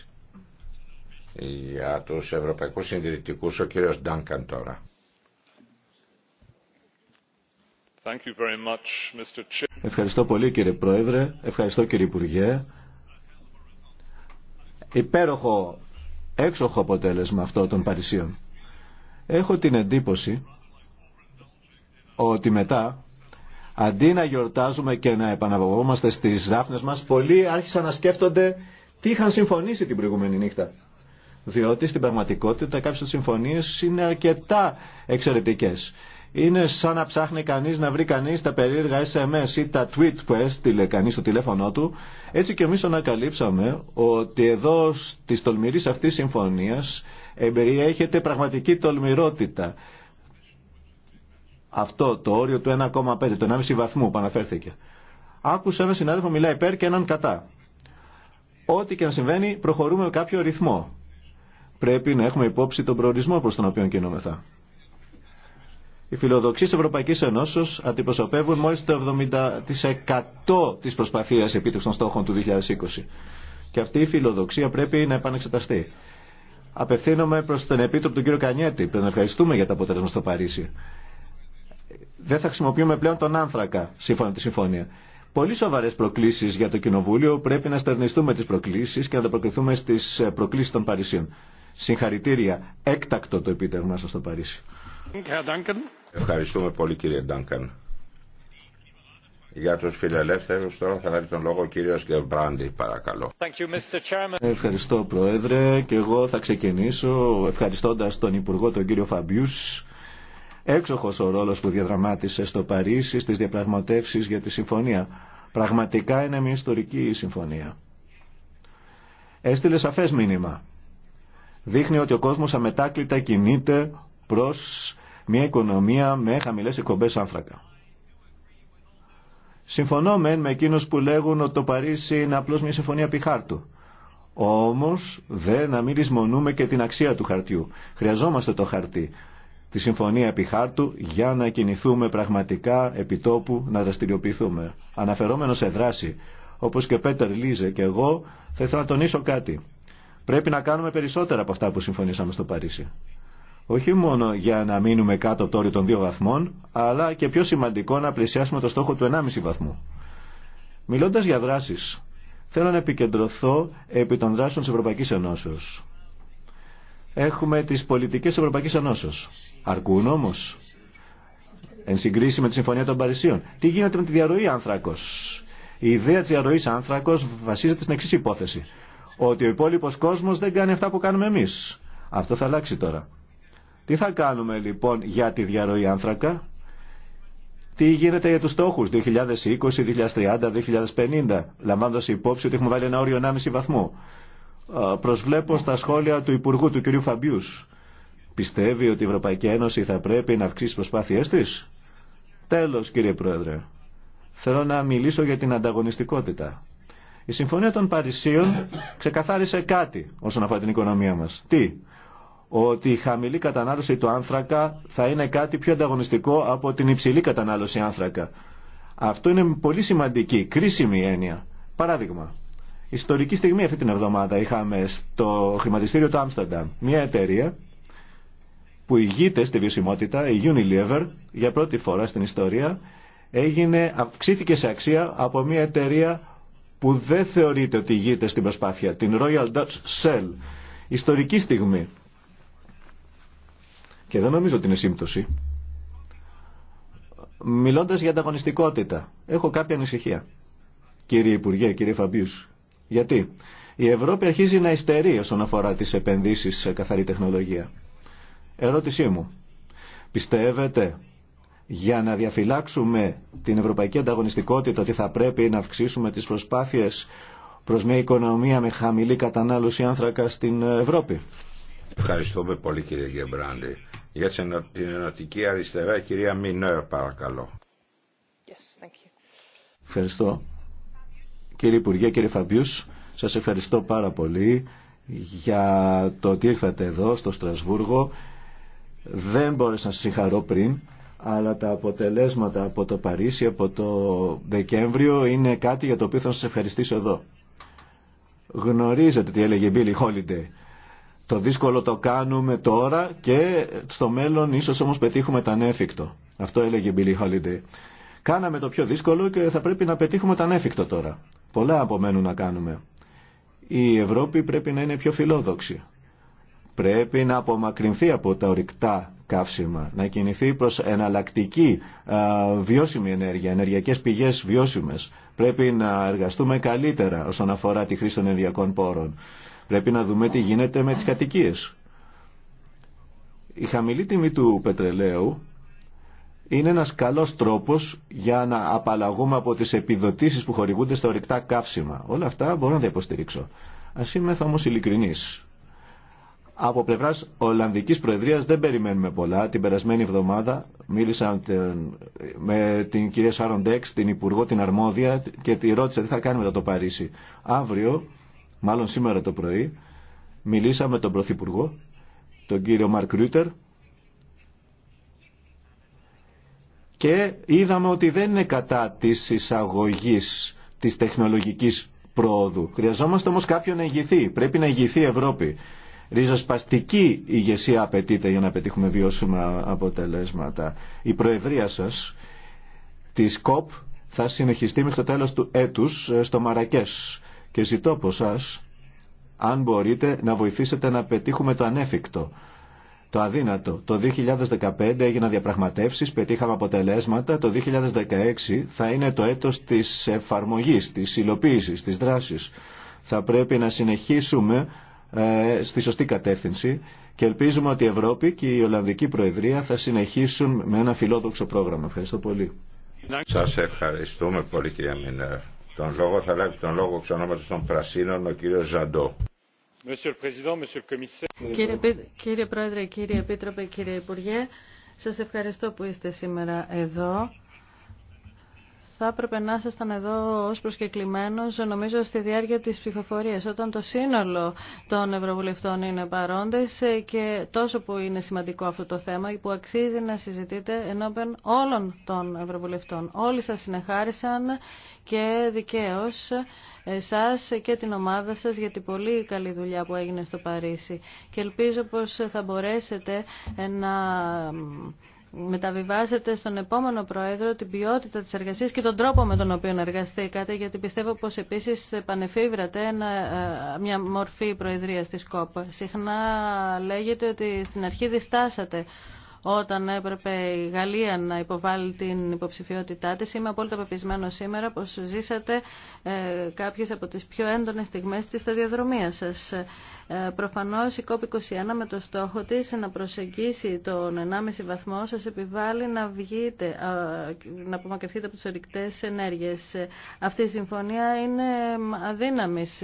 Για τους Ευρωπαϊκούς Συντηρητικούς ο κύριος Ντάνκαν τώρα. Ευχαριστώ πολύ κύριε Πρόεδρε, ευχαριστώ κύριε Υπουργέ υπέροχο, έξοχο αποτέλεσμα αυτό των Παρισίων. Έχω την εντύπωση ότι μετά, αντί να γιορτάζουμε και να επαναβογόμαστε στις δάφνες μας, πολλοί άρχισαν να σκέφτονται τι είχαν συμφωνήσει την προηγούμενη νύχτα. Διότι στην πραγματικότητα κάποιες συμφωνίες είναι αρκετά εξαιρετικές. Είναι σαν να ψάχνει κανεί να βρει κανεί τα περίεργα SMS ή τα tweet που έστειλε κανεί στο τηλέφωνό του. Έτσι και εμεί ανακαλύψαμε ότι εδώ τη τολμηρή αυτή συμφωνία εμπεριέχεται πραγματική τολμηρότητα. Αυτό το όριο του 1,5, το 1,5 βαθμού που αναφέρθηκε. Άκουσα ένα συνάδελφο μιλάει υπέρ και έναν κατά. Ό,τι και να συμβαίνει, προχωρούμε με κάποιο ρυθμό. Πρέπει να έχουμε υπόψη τον προορισμό προ τον οποίο κινούμεθα. Οι φιλοδοξίε Ευρωπαϊκή Ευρωπαϊκής αντιπροσωπεύουν μόλι το 70% τη προσπαθία επίτευξη των στόχων του 2020. Και αυτή η φιλοδοξία πρέπει να επανεξεταστεί. Απευθύνομαι προ τον Επίτροπο τον κύριο Κανιέτη. Πρέπει να ευχαριστούμε για τα αποτέλεσμα στο Παρίσι. Δεν θα χρησιμοποιούμε πλέον τον άνθρακα, σύμφωνα με τη συμφωνία. Πολύ σοβαρέ προκλήσει για το Κοινοβούλιο. Πρέπει να στερνιστούμε τι προκλήσει και να ανταποκριθούμε στι προκλήσει των Παρισίων. Συγχαρητήρια. Έκτακτο το επίτευγμα σα στο Παρίσι. Ευχαριστούμε πολύ κύριε Ντάνκαν. Για τους φιλελεύθερους τώρα θα λάβει τον λόγο ο κύριος Γερμπράντη παρακαλώ. Ευχαριστώ Πρόεδρε και εγώ θα ξεκινήσω ευχαριστώντας τον Υπουργό τον κύριο Φαμπιούς έξοχος ο ρόλος που διαδραμάτισε στο Παρίσι στις διαπραγματεύσεις για τη συμφωνία. Πραγματικά είναι μια ιστορική συμφωνία. Έστειλε σαφές μήνυμα. Δείχνει ότι ο κόσμος αμετάκλητα κινείται προς μια οικονομία με χαμηλές εκπομπές άνθρακα. Συμφωνώ με εκείνους που λέγουν ότι το Παρίσι είναι απλώς μια συμφωνία πιχάρτου. Όμως δεν να μην λησμονούμε και την αξία του χαρτιού. Χρειαζόμαστε το χαρτί, τη συμφωνία πιχάρτου, για να κινηθούμε πραγματικά επιτόπου να δραστηριοποιηθούμε. Αναφερόμενο σε δράση, όπως και Πέτερ Λίζε και εγώ, θα ήθελα να τονίσω κάτι. Πρέπει να κάνουμε περισσότερα από αυτά που συμφωνήσαμε στο Παρίσι όχι μόνο για να μείνουμε κάτω από το όριο των δύο βαθμών, αλλά και πιο σημαντικό να πλησιάσουμε το στόχο του 1,5 βαθμού. Μιλώντα για δράσει, θέλω να επικεντρωθώ επί των δράσεων τη Ευρωπαϊκή Ενώσεω. Έχουμε τι πολιτικέ τη Ευρωπαϊκής Ενώσεω. Αρκούν όμω εν συγκρίση με τη Συμφωνία των Παρισίων. Τι γίνεται με τη διαρροή άνθρακο. Η ιδέα τη διαρροή άνθρακο βασίζεται στην εξή υπόθεση. Ότι ο υπόλοιπο κόσμο δεν κάνει αυτά που κάνουμε εμεί. Αυτό θα αλλάξει τώρα. Τι θα κάνουμε λοιπόν για τη διαρροή άνθρακα, τι γίνεται για τους στόχους 2020, 2030, 2050, λαμβάνοντας υπόψη ότι έχουμε βάλει ένα όριο 1,5 βαθμού. Προσβλέπω στα σχόλια του Υπουργού του κ. Φαμπιούς. Πιστεύει ότι η Ευρωπαϊκή Ένωση θα πρέπει να αυξήσει τις προσπάθειές της. Τέλος κύριε Πρόεδρε, θέλω να μιλήσω για την ανταγωνιστικότητα. Η Συμφωνία των Παρισίων ξεκαθάρισε κάτι όσον αφορά την οικονομία μας. Τι, ότι η χαμηλή κατανάλωση του άνθρακα θα είναι κάτι πιο ανταγωνιστικό από την υψηλή κατανάλωση άνθρακα. Αυτό είναι πολύ σημαντική, κρίσιμη έννοια. Παράδειγμα, ιστορική στιγμή αυτή την εβδομάδα είχαμε στο χρηματιστήριο του Άμστερνταμ μια εταιρεία που ηγείται στη βιωσιμότητα, η Unilever, για πρώτη φορά στην ιστορία, έγινε, αυξήθηκε σε αξία από μια εταιρεία που δεν θεωρείται ότι ηγείται στην προσπάθεια, την Royal Dutch Shell. Ιστορική στιγμή και δεν νομίζω ότι είναι σύμπτωση. Μιλώντας για ανταγωνιστικότητα, έχω κάποια ανησυχία. Κύριε Υπουργέ, κύριε Φαμπίους, γιατί η Ευρώπη αρχίζει να υστερεί όσον αφορά τις επενδύσεις σε καθαρή τεχνολογία. Ερώτησή μου, πιστεύετε για να διαφυλάξουμε την ευρωπαϊκή ανταγωνιστικότητα ότι θα πρέπει να αυξήσουμε τις προσπάθειες προς μια οικονομία με χαμηλή κατανάλωση άνθρακα στην Ευρώπη. Ευχαριστούμε πολύ κύριε Γεμπράντη. Για την ενωτική αριστερά, η κυρία Μινέρ, παρακαλώ. Yes, thank you. Ευχαριστώ. Κύριε Υπουργέ, κύριε Φαμπιούς, σας ευχαριστώ πάρα πολύ για το ότι ήρθατε εδώ στο Στρασβούργο. Δεν μπόρεσα να σας συγχαρώ πριν, αλλά τα αποτελέσματα από το Παρίσι, από το Δεκέμβριο είναι κάτι για το οποίο θα σας ευχαριστήσω εδώ. Γνωρίζετε τι έλεγε Μπίλι Χόλιντε, το δύσκολο το κάνουμε τώρα και στο μέλλον ίσως όμως πετύχουμε τα ανέφικτο. Αυτό έλεγε Billy Holiday. Κάναμε το πιο δύσκολο και θα πρέπει να πετύχουμε τα ανέφικτο τώρα. Πολλά απομένουν να κάνουμε. Η Ευρώπη πρέπει να είναι πιο φιλόδοξη. Πρέπει να απομακρυνθεί από τα ορυκτά καύσιμα, να κινηθεί προς εναλλακτική βιώσιμη ενέργεια, ενεργειακές πηγές βιώσιμες. Πρέπει να εργαστούμε καλύτερα όσον αφορά τη χρήση των ενεργειακών πόρων. Πρέπει να δούμε τι γίνεται με τις κατοικίες. Η χαμηλή τιμή του πετρελαίου είναι ένας καλός τρόπος για να απαλλαγούμε από τις επιδοτήσεις που χορηγούνται στα ορυκτά καύσιμα. Όλα αυτά μπορώ να τα υποστηρίξω. Ας είμαι θα όμως ειλικρινής. Από πλευρά Ολλανδική Προεδρία δεν περιμένουμε πολλά. Την περασμένη εβδομάδα μίλησα με την κυρία Σάρον Ντέξ, την Υπουργό, την Αρμόδια και τη ρώτησα τι θα κάνουμε μετά το Παρίσι. Αύριο μάλλον σήμερα το πρωί, μιλήσαμε με τον Πρωθυπουργό, τον κύριο Μαρκ Ρούτερ, και είδαμε ότι δεν είναι κατά της εισαγωγής της τεχνολογικής πρόοδου. Χρειαζόμαστε όμως κάποιον να ηγηθεί. Πρέπει να ηγηθεί η Ευρώπη. Ριζοσπαστική ηγεσία απαιτείται για να πετύχουμε βιώσιμα αποτελέσματα. Η προεδρία σας της ΚΟΠ θα συνεχιστεί μέχρι το τέλος του έτους ε, στο Μαρακές και ζητώ από εσά, αν μπορείτε, να βοηθήσετε να πετύχουμε το ανέφικτο. Το αδύνατο. Το 2015 έγιναν διαπραγματεύσεις, πετύχαμε αποτελέσματα. Το 2016 θα είναι το έτος της εφαρμογής, της υλοποίησης, της δράσης. Θα πρέπει να συνεχίσουμε ε, στη σωστή κατεύθυνση και ελπίζουμε ότι η Ευρώπη και η Ολλανδική Προεδρία θα συνεχίσουν με ένα φιλόδοξο πρόγραμμα. Ευχαριστώ πολύ. Σας ευχαριστούμε πολύ κύριε. Τον λόγο θα λάβει τον λόγο εξ των Πρασίνων ο κύριος Ζαντό. Κύριε, κύριε Πρόεδρε, κύριε Επίτροπε, κύριε Υπουργέ, σας ευχαριστώ που είστε σήμερα εδώ θα έπρεπε να ήσασταν εδώ ω προσκεκλημένο, νομίζω, στη διάρκεια της ψηφοφορία, όταν το σύνολο των Ευρωβουλευτών είναι παρόντες ε, και τόσο που είναι σημαντικό αυτό το θέμα, που αξίζει να συζητείτε ενώπιον όλων των Ευρωβουλευτών. Όλοι σας συνεχάρισαν και δικαίως εσά και την ομάδα σας για την πολύ καλή δουλειά που έγινε στο Παρίσι. Και ελπίζω πω θα μπορέσετε να μεταβιβάσετε στον επόμενο Πρόεδρο την ποιότητα της εργασίας και τον τρόπο με τον οποίο εργαστήκατε, γιατί πιστεύω πως επίσης επανεφίβρατε ε, μια μορφή προεδρίας της ΚΟΠ. Συχνά λέγεται ότι στην αρχή διστάσατε όταν έπρεπε η Γαλλία να υποβάλει την υποψηφιότητά της. Είμαι απόλυτα πεπισμένο σήμερα πως ζήσατε ε, κάποιες από τις πιο έντονες στιγμές της σταδιοδρομίας σας. Ε, προφανώς η COP21 με το στόχο της να προσεγγίσει τον 1,5 βαθμό σας επιβάλλει να βγείτε, να απομακρυνθείτε από τις ορυκτές ενέργειες. Ε, αυτή η συμφωνία είναι αδύναμης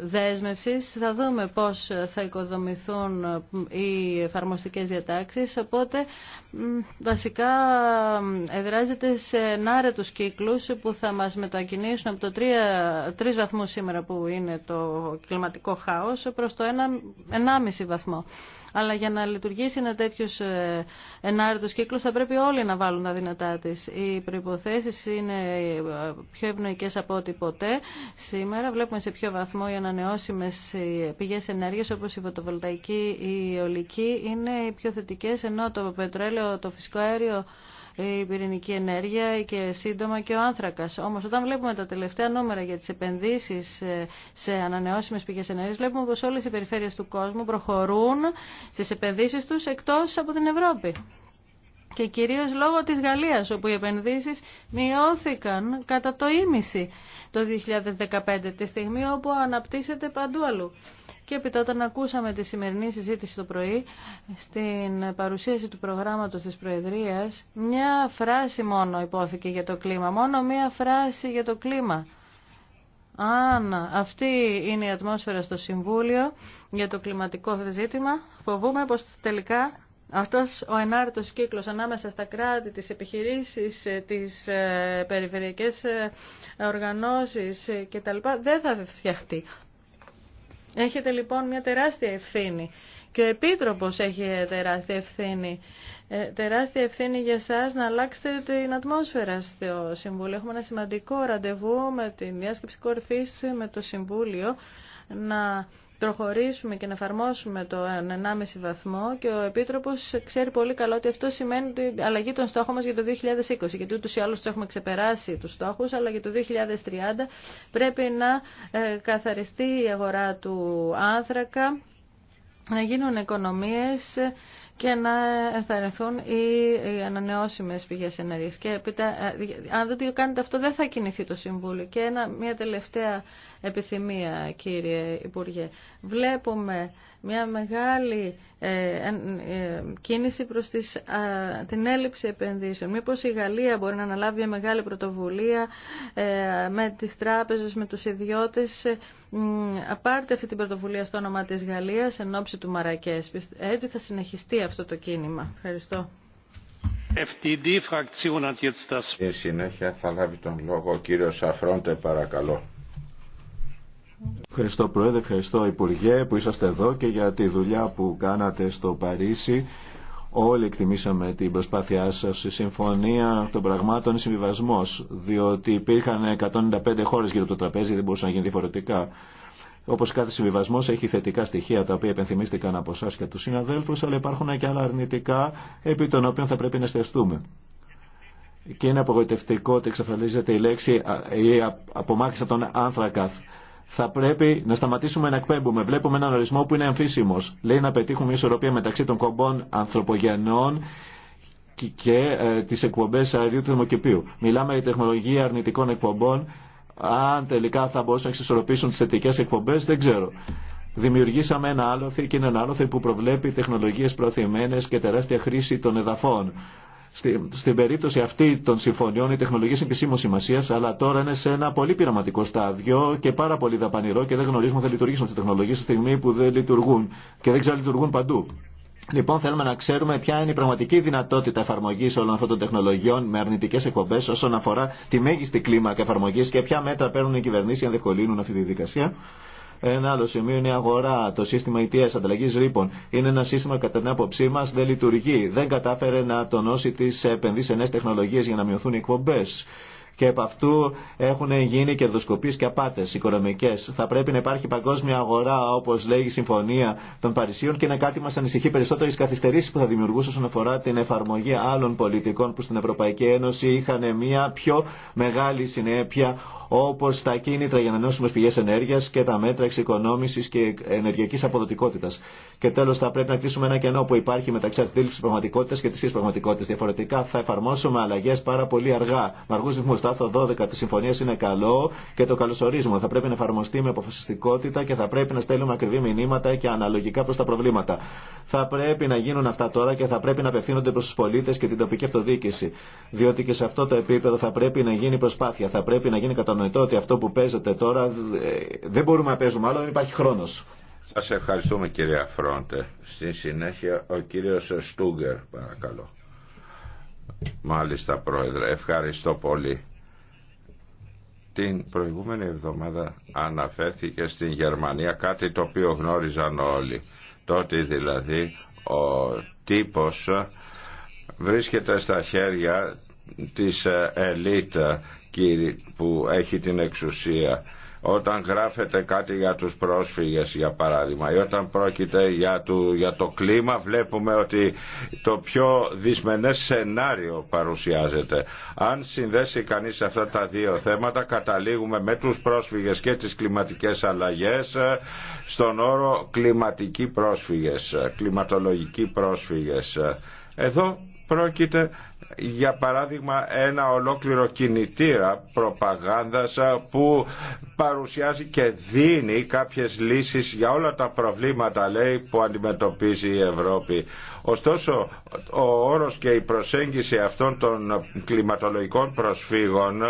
δέσμευσης. Θα δούμε πώς θα οικοδομηθούν οι εφαρμοστικές διατάξεις. Οπότε βασικά εδράζεται σε τους κύκλους που θα μας μετακινήσουν από το 3, βαθμού σήμερα που είναι το κλιματικό χάος προς το 1,5 βαθμό. Αλλά για να λειτουργήσει ένα τέτοιο ε, ενάρετο κύκλο θα πρέπει όλοι να βάλουν τα δυνατά τη. Οι προποθέσει είναι ε, πιο ευνοϊκέ από ό,τι ποτέ. Σήμερα βλέπουμε σε ποιο βαθμό οι ανανεώσιμε ε, πηγέ ενέργεια όπω η φωτοβολταϊκή, η ολική είναι οι πιο θετικέ ενώ το πετρέλαιο, το φυσικό αέριο η πυρηνική ενέργεια και σύντομα και ο άνθρακας. Όμως όταν βλέπουμε τα τελευταία νούμερα για τις επενδύσεις ε, σε ανανεώσιμες πηγές ενέργειας, βλέπουμε πως όλες οι περιφέρειες του κόσμου προχωρούν στις επενδύσεις τους εκτός από την Ευρώπη και κυρίως λόγω της Γαλλίας, όπου οι επενδύσεις μειώθηκαν κατά το ίμιση το 2015, τη στιγμή όπου αναπτύσσεται παντού αλλού. Και επί τότε ακούσαμε τη σημερινή συζήτηση το πρωί, στην παρουσίαση του προγράμματος της Προεδρίας, μια φράση μόνο υπόθηκε για το κλίμα, μόνο μια φράση για το κλίμα. Αν αυτή είναι η ατμόσφαιρα στο Συμβούλιο για το κλιματικό ζήτημα, φοβούμε πως τελικά αυτός ο ενάρτητος κύκλος ανάμεσα στα κράτη, τις επιχειρήσεις, ε, τις ε, περιφερειακές ε, οργανώσεις κτλ. δεν θα φτιαχτεί. Έχετε λοιπόν μια τεράστια ευθύνη και ο Επίτροπος έχει τεράστια ευθύνη. τεράστια ευθύνη για σας να αλλάξετε την ατμόσφαιρα στο Συμβούλιο. Έχουμε ένα σημαντικό ραντεβού με την διάσκεψη Κορφής, με το Συμβούλιο να προχωρήσουμε και να εφαρμόσουμε το 1,5 βαθμό και ο Επίτροπος ξέρει πολύ καλά ότι αυτό σημαίνει την αλλαγή των στόχων μας για το 2020 γιατί ούτως ή άλλως τους έχουμε ξεπεράσει τους στόχους αλλά για το 2030 πρέπει να ε, καθαριστεί η αγορά του άνθρακα να γίνουν οικονομίες και να ενθαρρυνθούν οι ανανεώσιμες πηγές ενέργειας. Και έπειτα, ε, αν δεν το κάνετε αυτό, δεν θα κινηθεί το Συμβούλιο. Και ένα, μια τελευταία επιθυμία, κύριε Υπουργέ. Βλέπουμε μια μεγάλη ε, ε, κίνηση προς την έλλειψη επενδύσεων. Μήπως η Γαλλία μπορεί να αναλάβει μια μεγάλη πρωτοβουλία ε, με τις τράπεζες, με τους ιδιώτες. Πάρτε αυτή την πρωτοβουλία στο όνομα της Γαλλίας εν ώψη του Μαρακές. Έτσι θα συνεχιστεί αυτό το κίνημα. Ευχαριστώ. Στη συνέχεια θα λάβει τον λόγο ο κύριος Αφρόντε παρακαλώ. Ευχαριστώ Πρόεδρε, ευχαριστώ Υπουργέ που είσαστε εδώ και για τη δουλειά που κάνατε στο Παρίσι. Όλοι εκτιμήσαμε την προσπάθειά σας. Η συμφωνία των πραγμάτων είναι συμβιβασμό, διότι υπήρχαν 195 χώρες γύρω από το τραπέζι, δεν μπορούσαν να γίνει διαφορετικά. Όπω κάθε συμβιβασμό έχει θετικά στοιχεία τα οποία επενθυμίστηκαν από εσά και του συναδέλφου, αλλά υπάρχουν και άλλα αρνητικά επί των οποίων θα πρέπει να στεστούμε. Και είναι απογοητευτικό ότι εξαφανίζεται η λέξη η απομάκρυνση τον θα πρέπει να σταματήσουμε να εκπέμπουμε. Βλέπουμε έναν ορισμό που είναι αμφίσιμο. Λέει να πετύχουμε ισορροπία μεταξύ των κομπών ανθρωπογενών και ε, τις εκπομπές αερίου του Δημοκηπίου. Μιλάμε για τεχνολογία αρνητικών εκπομπών. Αν τελικά θα μπορούσαν να εξισορροπήσουν τι θετικέ εκπομπέ, δεν ξέρω. Δημιουργήσαμε ένα άλοθη και είναι ένα άλοθη που προβλέπει τεχνολογίε προωθημένε και τεράστια χρήση των εδαφών. Στη, στην περίπτωση αυτή των συμφωνιών οι τεχνολογίε είναι επισήμω σημασία, αλλά τώρα είναι σε ένα πολύ πειραματικό στάδιο και πάρα πολύ δαπανηρό και δεν γνωρίζουμε θα λειτουργήσουν αυτέ τι τεχνολογίε στη στιγμή που δεν λειτουργούν και δεν ξέρω λειτουργούν παντού. Λοιπόν, θέλουμε να ξέρουμε ποια είναι η πραγματική δυνατότητα εφαρμογή όλων αυτών των τεχνολογιών με αρνητικέ εκπομπέ όσον αφορά τη μέγιστη κλίμακα εφαρμογή και ποια μέτρα παίρνουν οι κυβερνήσει για να διευκολύνουν αυτή τη δικασία. Ένα άλλο σημείο είναι η αγορά. Το σύστημα ETS, ανταλλαγή ρήπων, είναι ένα σύστημα κατά την άποψή μα δεν λειτουργεί. Δεν κατάφερε να τονώσει τι επενδύσει σε τεχνολογίε για να μειωθούν οι εκπομπέ και επ' αυτού έχουν γίνει κερδοσκοπίε και απάτε οικονομικέ. Θα πρέπει να υπάρχει παγκόσμια αγορά όπω λέει η Συμφωνία των Παρισίων και είναι κάτι μα μας ανησυχεί περισσότερο τις καθυστερήσει που θα δημιουργούσαν όσον αφορά την εφαρμογή άλλων πολιτικών που στην Ευρωπαϊκή Ένωση είχαν μια πιο μεγάλη συνέπεια όπω τα κίνητρα για ανανεώσιμε πηγέ ενέργεια και τα μέτρα εξοικονόμηση και ενεργειακή αποδοτικότητα. Και τέλο, θα πρέπει να κλείσουμε ένα κενό που υπάρχει μεταξύ αντίληψη πραγματικότητα και τη πραγματικότητα. Διαφορετικά θα εφαρμόσουμε αλλαγέ πάρα πολύ αργά. Με αργού ρυθμού. Το άρθρο 12 τη συμφωνία είναι καλό και το καλωσορίζουμε. Θα πρέπει να εφαρμοστεί με αποφασιστικότητα και θα πρέπει να στέλνουμε ακριβή μηνύματα και αναλογικά προ τα προβλήματα. Θα πρέπει να γίνουν αυτά τώρα και θα πρέπει να απευθύνονται προ του πολίτε και την τοπική αυτοδιοίκηση. Διότι και σε αυτό το επίπεδο θα πρέπει να γίνει προσπάθεια, θα πρέπει να γίνει κατανοητή κατανοητό ότι αυτό που παίζετε τώρα ε, δεν μπορούμε να παίζουμε άλλο, δεν υπάρχει χρόνο. Σα ευχαριστούμε κυρία Φρόντε. Στη συνέχεια ο κύριο Στούγκερ παρακαλώ. Μάλιστα πρόεδρε, ευχαριστώ πολύ. Την προηγούμενη εβδομάδα αναφέρθηκε στην Γερμανία κάτι το οποίο γνώριζαν όλοι. Τότε δηλαδή ο τύπος βρίσκεται στα χέρια της ε, ελίτ που έχει την εξουσία όταν γράφεται κάτι για τους πρόσφυγες για παράδειγμα ή όταν πρόκειται για, για το κλίμα βλέπουμε ότι το πιο δυσμενές σενάριο παρουσιάζεται. Αν συνδέσει κανείς αυτά τα δύο θέματα καταλήγουμε με τους πρόσφυγες και τις κλιματικές αλλαγές ε, στον όρο κλιματικοί πρόσφυγες, ε, κλιματολογικοί πρόσφυγες. Ε, εδώ πρόκειται για παράδειγμα ένα ολόκληρο κινητήρα προπαγάνδας που παρουσιάζει και δίνει κάποιες λύσεις για όλα τα προβλήματα λέει που αντιμετωπίζει η Ευρώπη. Ωστόσο, ο όρος και η προσέγγιση αυτών των κλιματολογικών προσφύγων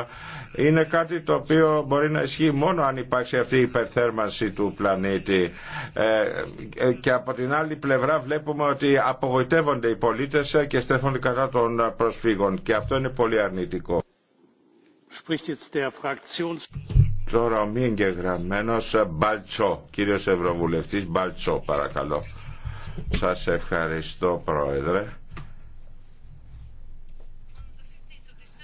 είναι κάτι το οποίο μπορεί να ισχύει μόνο αν υπάρξει αυτή η υπερθέρμανση του πλανήτη. Ε, ε, και από την άλλη πλευρά βλέπουμε ότι απογοητεύονται οι πολίτες και στρέφονται κατά των προσφύγων και αυτό είναι πολύ αρνητικό. Τώρα ο μη εγγεγραμμένος Μπαλτσό, κύριος Ευρωβουλευτής Μπαλτσό παρακαλώ. Σας ευχαριστώ Πρόεδρε.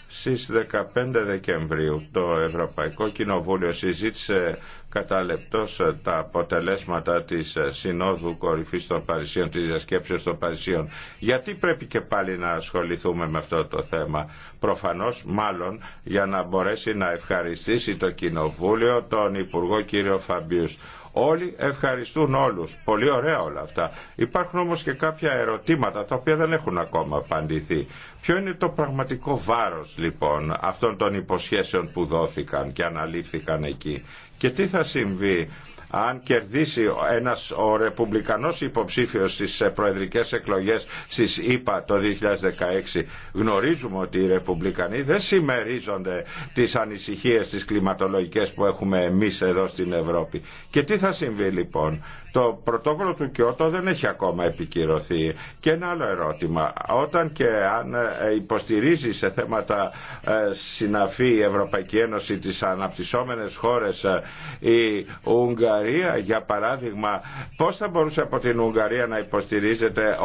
Στις 15 Δεκεμβρίου το Ευρωπαϊκό Κοινοβούλιο συζήτησε καταλεπτός ε, τα αποτελέσματα της ε, Συνόδου Κορυφής των Παρισίων, της διασκέψεως των Παρισίων. Γιατί πρέπει και πάλι να ασχοληθούμε με αυτό το θέμα. Προφανώς, μάλλον, για να μπορέσει να ευχαριστήσει το Κοινοβούλιο τον Υπουργό κύριο Φαμπίους. Όλοι ευχαριστούν όλους. Πολύ ωραία όλα αυτά. Υπάρχουν όμως και κάποια ερωτήματα τα οποία δεν έχουν ακόμα απαντηθεί. Ποιο είναι το πραγματικό βάρος λοιπόν αυτών των υποσχέσεων που δόθηκαν και αναλήφθηκαν εκεί. Και τι θα συμβεί αν κερδίσει ένας ο ρεπουμπλικανός υποψήφιος στις ε, προεδρικές εκλογές στις ΗΠΑ το 2016 γνωρίζουμε ότι οι ρεπουμπλικανοί δεν συμμερίζονται τις ανησυχίες τις κλιματολογικές που έχουμε εμείς εδώ στην Ευρώπη. Και τι θα συμβεί λοιπόν. Το πρωτόκολλο του Κιώτο δεν έχει ακόμα επικυρωθεί. Και ένα άλλο ερώτημα. Όταν και αν ε, υποστηρίζει σε θέματα ε, συναφή η Ευρωπαϊκή Ένωση τις αναπτυσσόμενες χώρες Ουγγαρία για παράδειγμα πώς θα μπορούσε από την Ουγγαρία να υποστηρίζεται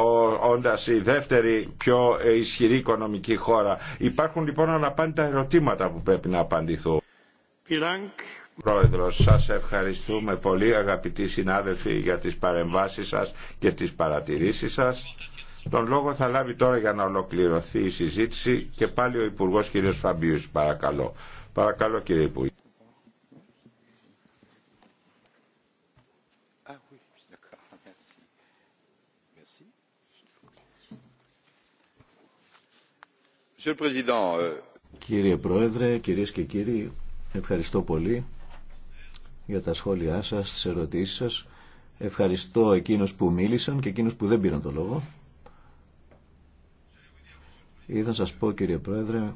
όντας η δεύτερη πιο ισχυρή οικονομική χώρα. Υπάρχουν λοιπόν αναπάντητα ερωτήματα που πρέπει να απαντηθούν. Πρόεδρος, σας ευχαριστούμε πολύ αγαπητοί συνάδελφοι για τις παρεμβάσεις σας και τις παρατηρήσεις σας. Τον λόγο θα λάβει τώρα για να ολοκληρωθεί η συζήτηση και πάλι ο Υπουργός κ. Φαμπίους παρακαλώ. Παρακαλώ κύριε Υπουργέ. Euh, κύριε Πρόεδρε, κυρίες και κύριοι, ευχαριστώ πολύ για τα σχόλιά σας, τις ερωτήσεις σας. Ευχαριστώ εκείνους που μίλησαν και εκείνους που δεν πήραν το λόγο. Ήθελα να σας πω κύριε Πρόεδρε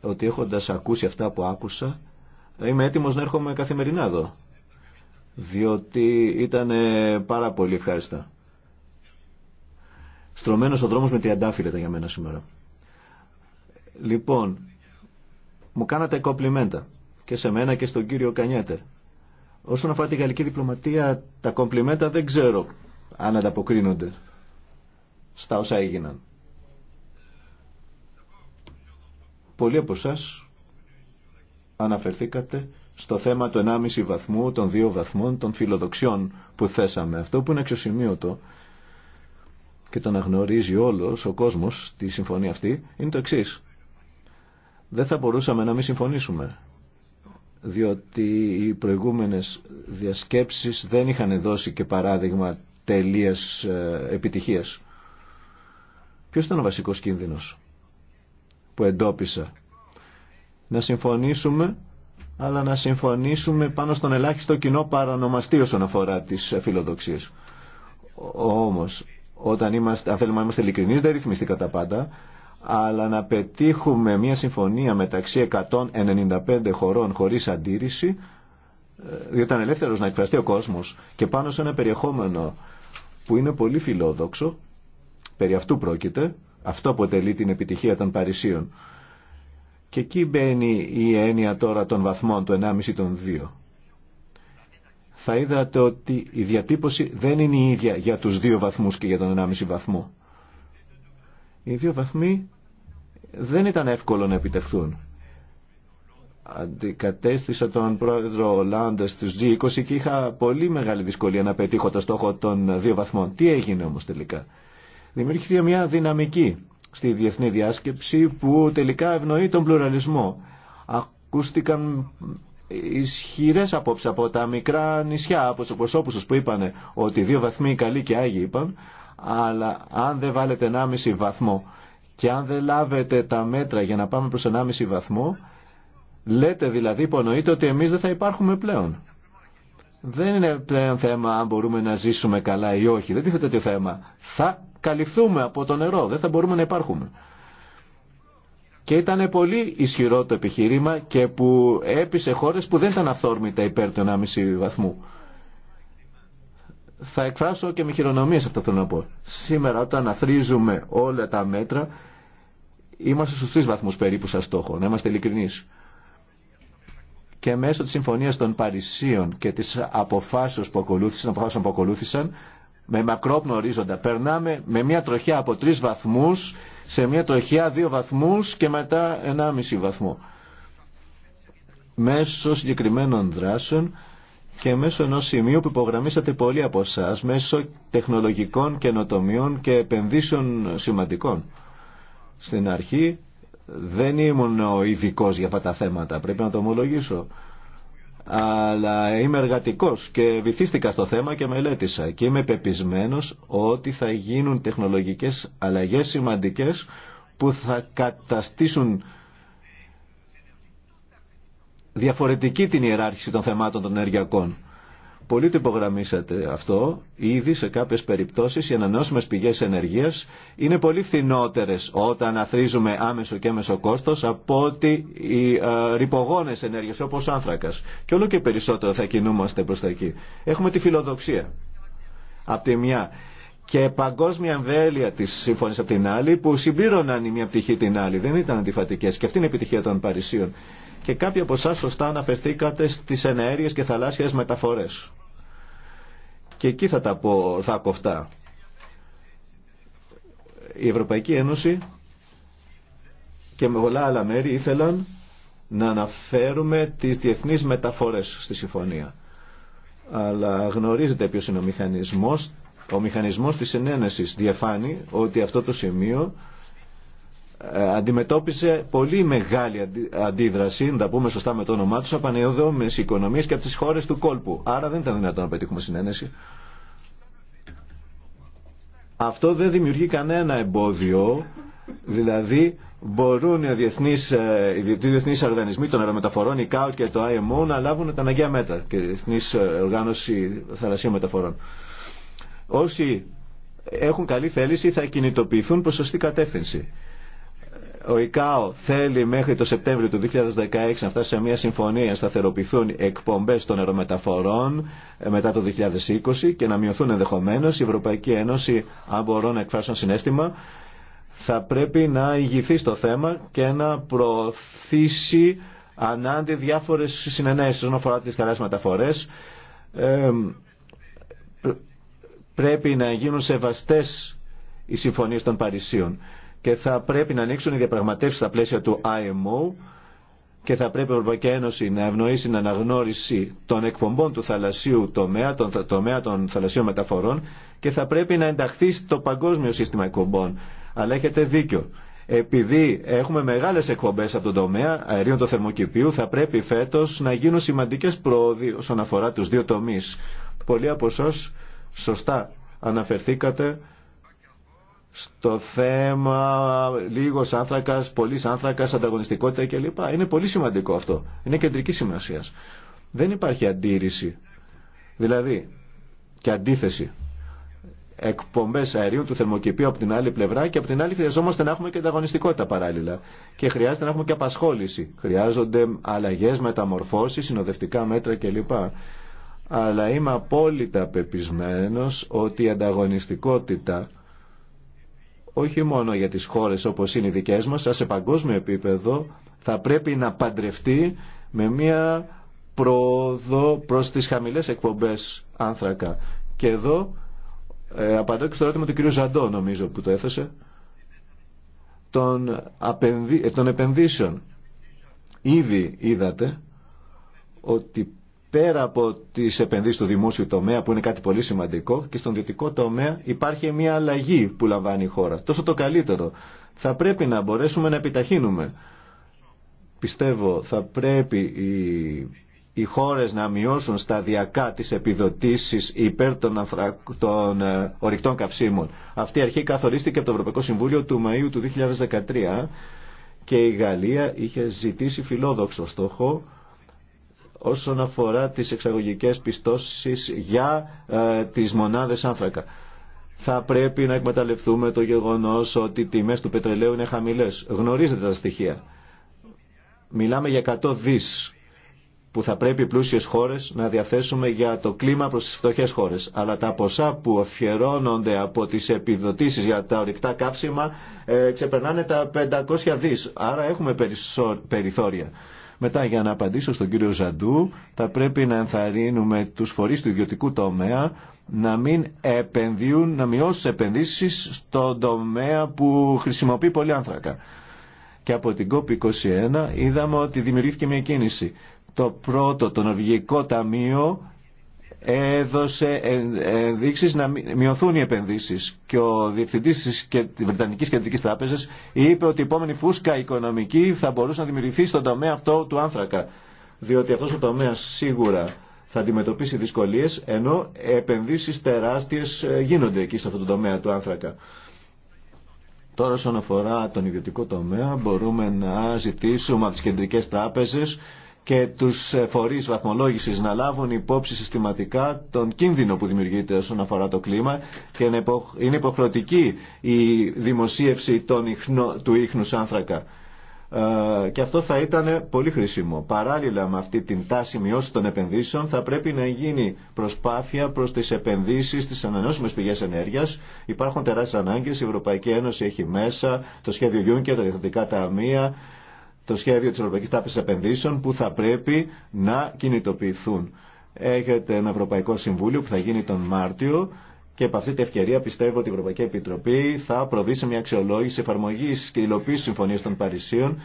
ότι έχοντας ακούσει αυτά που άκουσα είμαι έτοιμος να έρχομαι καθημερινά εδώ διότι ήταν ε, πάρα πολύ ευχάριστα. Στρωμένος ο δρόμος με τριαντάφυλλα για μένα σήμερα. Λοιπόν, μου κάνατε κομπλιμέντα και σε μένα και στον κύριο Κανιέτε. Όσον αφορά τη γαλλική διπλωματία, τα κομπλιμέντα δεν ξέρω αν ανταποκρίνονται στα όσα έγιναν. Πολλοί από εσά αναφερθήκατε στο θέμα του 1,5 βαθμού, των 2 βαθμών, των φιλοδοξιών που θέσαμε. Αυτό που είναι αξιοσημείωτο και το αναγνωρίζει όλος ο κόσμος τη συμφωνία αυτή είναι το εξής δεν θα μπορούσαμε να μην συμφωνήσουμε διότι οι προηγούμενες διασκέψεις δεν είχαν δώσει και παράδειγμα τελείας ε, επιτυχίας. Ποιος ήταν ο βασικός κίνδυνος που εντόπισα. Να συμφωνήσουμε, αλλά να συμφωνήσουμε πάνω στον ελάχιστο κοινό παρανομαστή όσον αφορά τις ε, φιλοδοξίες. Όμως, όταν είμαστε, αν θέλουμε να είμαστε ειλικρινείς, δεν ρυθμίστηκα τα πάντα αλλά να πετύχουμε μια συμφωνία μεταξύ 195 χωρών χωρίς αντίρρηση, ε, διότι ήταν ελεύθερος να εκφραστεί ο κόσμος και πάνω σε ένα περιεχόμενο που είναι πολύ φιλόδοξο, περί αυτού πρόκειται, αυτό αποτελεί την επιτυχία των Παρισίων. Και εκεί μπαίνει η έννοια τώρα των βαθμών, του 1,5 των 2. Θα είδατε ότι η διατύπωση δεν είναι η ίδια για τους δύο βαθμούς και για τον 1,5 βαθμό. Οι δύο βαθμοί δεν ήταν εύκολο να επιτευχθούν. Αντικατέστησα τον πρόεδρο Ολάντα στους G20 και είχα πολύ μεγάλη δυσκολία να πετύχω το στόχο των δύο βαθμών. Τι έγινε όμως τελικά. Δημιουργήθηκε μια δυναμική στη διεθνή διάσκεψη που τελικά ευνοεί τον πλουραλισμό. Ακούστηκαν ισχυρέ απόψει από τα μικρά νησιά, από του προσώπου του που είπαν ότι δύο βαθμοί καλοί και άγιοι είπαν, αλλά αν δεν βάλετε 1,5 βαθμό και αν δεν λάβετε τα μέτρα για να πάμε προς 1,5 βαθμό, λέτε δηλαδή, υπονοείτε ότι εμείς δεν θα υπάρχουμε πλέον. Δεν είναι πλέον θέμα αν μπορούμε να ζήσουμε καλά ή όχι. Δεν τίθεται τέτοιο θέμα. Θα καλυφθούμε από το νερό. Δεν θα μπορούμε να υπάρχουμε. Και ήταν πολύ ισχυρό το επιχείρημα και που έπεισε χώρες που δεν ήταν αυθόρμητα υπέρ του 1,5 βαθμού θα εκφράσω και με χειρονομίες αυτό θέλω να πω. Σήμερα όταν αθρίζουμε όλα τα μέτρα είμαστε στους τρεις βαθμούς περίπου σαν στόχο, να είμαστε ειλικρινείς. Και μέσω της συμφωνίας των Παρισίων και της αποφάσεως που ακολούθησαν, αποφάσεων που ακολούθησαν με μακρόπνο ορίζοντα περνάμε με μια τροχιά από τρεις βαθμούς σε μια τροχιά δύο βαθμούς και μετά ένα μισή βαθμό. Μέσω συγκεκριμένων δράσεων και μέσω ενός σημείου που υπογραμμίσατε πολλοί από εσά, μέσω τεχνολογικών καινοτομιών και επενδύσεων σημαντικών. Στην αρχή δεν ήμουν ο ειδικό για αυτά τα θέματα, πρέπει να το ομολογήσω. Αλλά είμαι εργατικός και βυθίστηκα στο θέμα και μελέτησα και είμαι πεπισμένο ότι θα γίνουν τεχνολογικές αλλαγές σημαντικέ που θα καταστήσουν διαφορετική την ιεράρχηση των θεμάτων των ενεργειακών. Πολύ το υπογραμμίσατε αυτό. Ήδη σε κάποιες περιπτώσεις οι ανανεώσιμες πηγές ενεργείας είναι πολύ φθηνότερες όταν αθροίζουμε άμεσο και έμεσο κόστος από ότι οι ε, ρηπογόνες ενέργειες όπως ο άνθρακας. Και όλο και περισσότερο θα κινούμαστε προς τα εκεί. Έχουμε τη φιλοδοξία. Απ' τη μια και παγκόσμια εμβέλεια τη σύμφωνη από την άλλη που συμπλήρωναν η μία πτυχή την άλλη. Δεν ήταν αντιφατικέ. Και αυτή είναι η επιτυχία των Παρισίων και κάποιοι από εσά σωστά αναφερθήκατε στις ενέργειε και θαλάσσιες μεταφορές. Και εκεί θα τα πω, θα κοφτά. Η Ευρωπαϊκή Ένωση και με πολλά άλλα μέρη ήθελαν να αναφέρουμε τις διεθνείς μεταφορές στη συμφωνία. Αλλά γνωρίζετε ποιος είναι ο μηχανισμός. Ο μηχανισμός της συνένεσης διαφάνει ότι αυτό το σημείο ε, αντιμετώπισε πολύ μεγάλη αντίδραση, να τα πούμε σωστά με το όνομά του, από ανεωδόμε οικονομίε και από τι χώρε του κόλπου. Άρα δεν ήταν δυνατόν να πετύχουμε συνένεση. Αυτό δεν δημιουργεί κανένα εμπόδιο, δηλαδή μπορούν οι διεθνείς, ε, οι διεθνείς οργανισμοί των αερομεταφορών, η ΚΑΟ και το IMO, να λάβουν τα αναγκαία μέτρα και η Διεθνής Οργάνωση Θαλασσίων Μεταφορών. Όσοι έχουν καλή θέληση θα κινητοποιηθούν προς σωστή κατεύθυνση ο ΙΚΑΟ θέλει μέχρι το Σεπτέμβριο του 2016 να φτάσει σε μια συμφωνία, σταθεροποιηθούν οι εκπομπές των αερομεταφορών ε, μετά το 2020 και να μειωθούν ενδεχομένως. Η Ευρωπαϊκή Ένωση, αν μπορώ να εκφράσω συνέστημα, θα πρέπει να ηγηθεί στο θέμα και να προωθήσει ανάντι διάφορες συνενέσεις όσον αφορά τις καλές μεταφορές. Ε, πρέπει να γίνουν σεβαστές οι συμφωνίες των Παρισίων και θα πρέπει να ανοίξουν οι διαπραγματεύσει στα πλαίσια του IMO και θα πρέπει η Ευρωπαϊκή Ένωση να ευνοήσει την αναγνώριση των εκπομπών του θαλασσίου τομέα, των τομέα των θαλασσίων μεταφορών και θα πρέπει να ενταχθεί στο παγκόσμιο σύστημα εκπομπών. Αλλά έχετε δίκιο. Επειδή έχουμε μεγάλε εκπομπέ από τον τομέα αερίων του θερμοκηπίου, θα πρέπει φέτο να γίνουν σημαντικέ πρόοδοι όσον αφορά του δύο τομεί. Πολλοί από εσά σωστά αναφερθήκατε στο θέμα λίγο άνθρακα, πολλής άνθρακα, ανταγωνιστικότητα κλπ. Είναι πολύ σημαντικό αυτό. Είναι κεντρική σημασία. Δεν υπάρχει αντίρρηση. Δηλαδή, και αντίθεση. Εκπομπέ αερίου του θερμοκηπίου από την άλλη πλευρά και από την άλλη χρειαζόμαστε να έχουμε και ανταγωνιστικότητα παράλληλα. Και χρειάζεται να έχουμε και απασχόληση. Χρειάζονται αλλαγέ, μεταμορφώσει, συνοδευτικά μέτρα κλπ. Αλλά είμαι απόλυτα πεπισμένο ότι η ανταγωνιστικότητα όχι μόνο για τις χώρες όπως είναι οι δικές μας, αλλά σε παγκόσμιο επίπεδο θα πρέπει να παντρευτεί με μια πρόοδο προς τις χαμηλές εκπομπές άνθρακα. Και εδώ ε, απαντώ και στο ερώτημα του κ. Ζαντό νομίζω που το έθεσε των, ε, των επενδύσεων. Ήδη είδατε ότι πέρα από τι επενδύσει του δημόσιου τομέα που είναι κάτι πολύ σημαντικό και στον δυτικό τομέα υπάρχει μια αλλαγή που λαμβάνει η χώρα. Τόσο το καλύτερο. Θα πρέπει να μπορέσουμε να επιταχύνουμε. Πιστεύω θα πρέπει οι, οι χώρες να μειώσουν σταδιακά τις επιδοτήσεις υπέρ των, ορεικτών των ε, καυσίμων. Αυτή η αρχή καθορίστηκε από το Ευρωπαϊκό Συμβούλιο του Μαΐου του 2013 και η Γαλλία είχε ζητήσει φιλόδοξο στόχο όσον αφορά τις εξαγωγικές πιστώσεις για ε, τις μονάδες άνθρακα. Θα πρέπει να εκμεταλλευτούμε το γεγονός ότι οι τιμές του πετρελαίου είναι χαμηλές. Γνωρίζετε τα στοιχεία. Μιλάμε για 100 δις που θα πρέπει οι πλούσιες χώρες να διαθέσουμε για το κλίμα προς τις φτωχές χώρες. Αλλά τα ποσά που αφιερώνονται από τις επιδοτήσεις για τα ορυκτά καύσιμα ε, ξεπερνάνε τα 500 δις. Άρα έχουμε περιθώρια. Μετά για να απαντήσω στον κύριο Ζαντού θα πρέπει να ενθαρρύνουμε τους φορείς του ιδιωτικού τομέα να μην επενδύουν, να μειώσουν τις επενδύσεις στον τομέα που χρησιμοποιεί πολύ άνθρακα. Και από την COP21 είδαμε ότι δημιουργήθηκε μια κίνηση. Το πρώτο, το Νορβηγικό Ταμείο έδωσε ενδείξει να μειωθούν οι επενδύσει και ο διευθυντή τη Βρετανική Κεντρική Τράπεζα είπε ότι η επόμενη φούσκα οικονομική θα μπορούσε να δημιουργηθεί στον τομέα αυτό του άνθρακα διότι αυτό ο τομέα σίγουρα θα αντιμετωπίσει δυσκολίε ενώ επενδύσει τεράστιε ε, γίνονται εκεί σε αυτό το τομέα του άνθρακα. Τώρα όσον αφορά τον ιδιωτικό τομέα μπορούμε να ζητήσουμε από τις κεντρικές τράπεζες και τους φορείς βαθμολόγησης να λάβουν υπόψη συστηματικά τον κίνδυνο που δημιουργείται όσον αφορά το κλίμα και είναι υποχρεωτική η δημοσίευση των ιχνο, του ίχνους άνθρακα. Ε, και αυτό θα ήταν πολύ χρήσιμο. Παράλληλα με αυτή την τάση μειώση των επενδύσεων θα πρέπει να γίνει προσπάθεια προς τις επενδύσεις στις ανανεώσιμε πηγέ ενέργειας. Υπάρχουν τεράστιες ανάγκες, η Ευρωπαϊκή Ένωση έχει μέσα το σχέδιο Juncker, τα διευθυντικά ταμεία, το σχέδιο της Ευρωπαϊκής Τράπεζας Επενδύσεων που θα πρέπει να κινητοποιηθούν. Έχετε ένα Ευρωπαϊκό Συμβούλιο που θα γίνει τον Μάρτιο και από αυτή την ευκαιρία πιστεύω ότι η Ευρωπαϊκή Επιτροπή θα προβεί σε μια αξιολόγηση εφαρμογή και υλοποίηση συμφωνία των Παρισίων.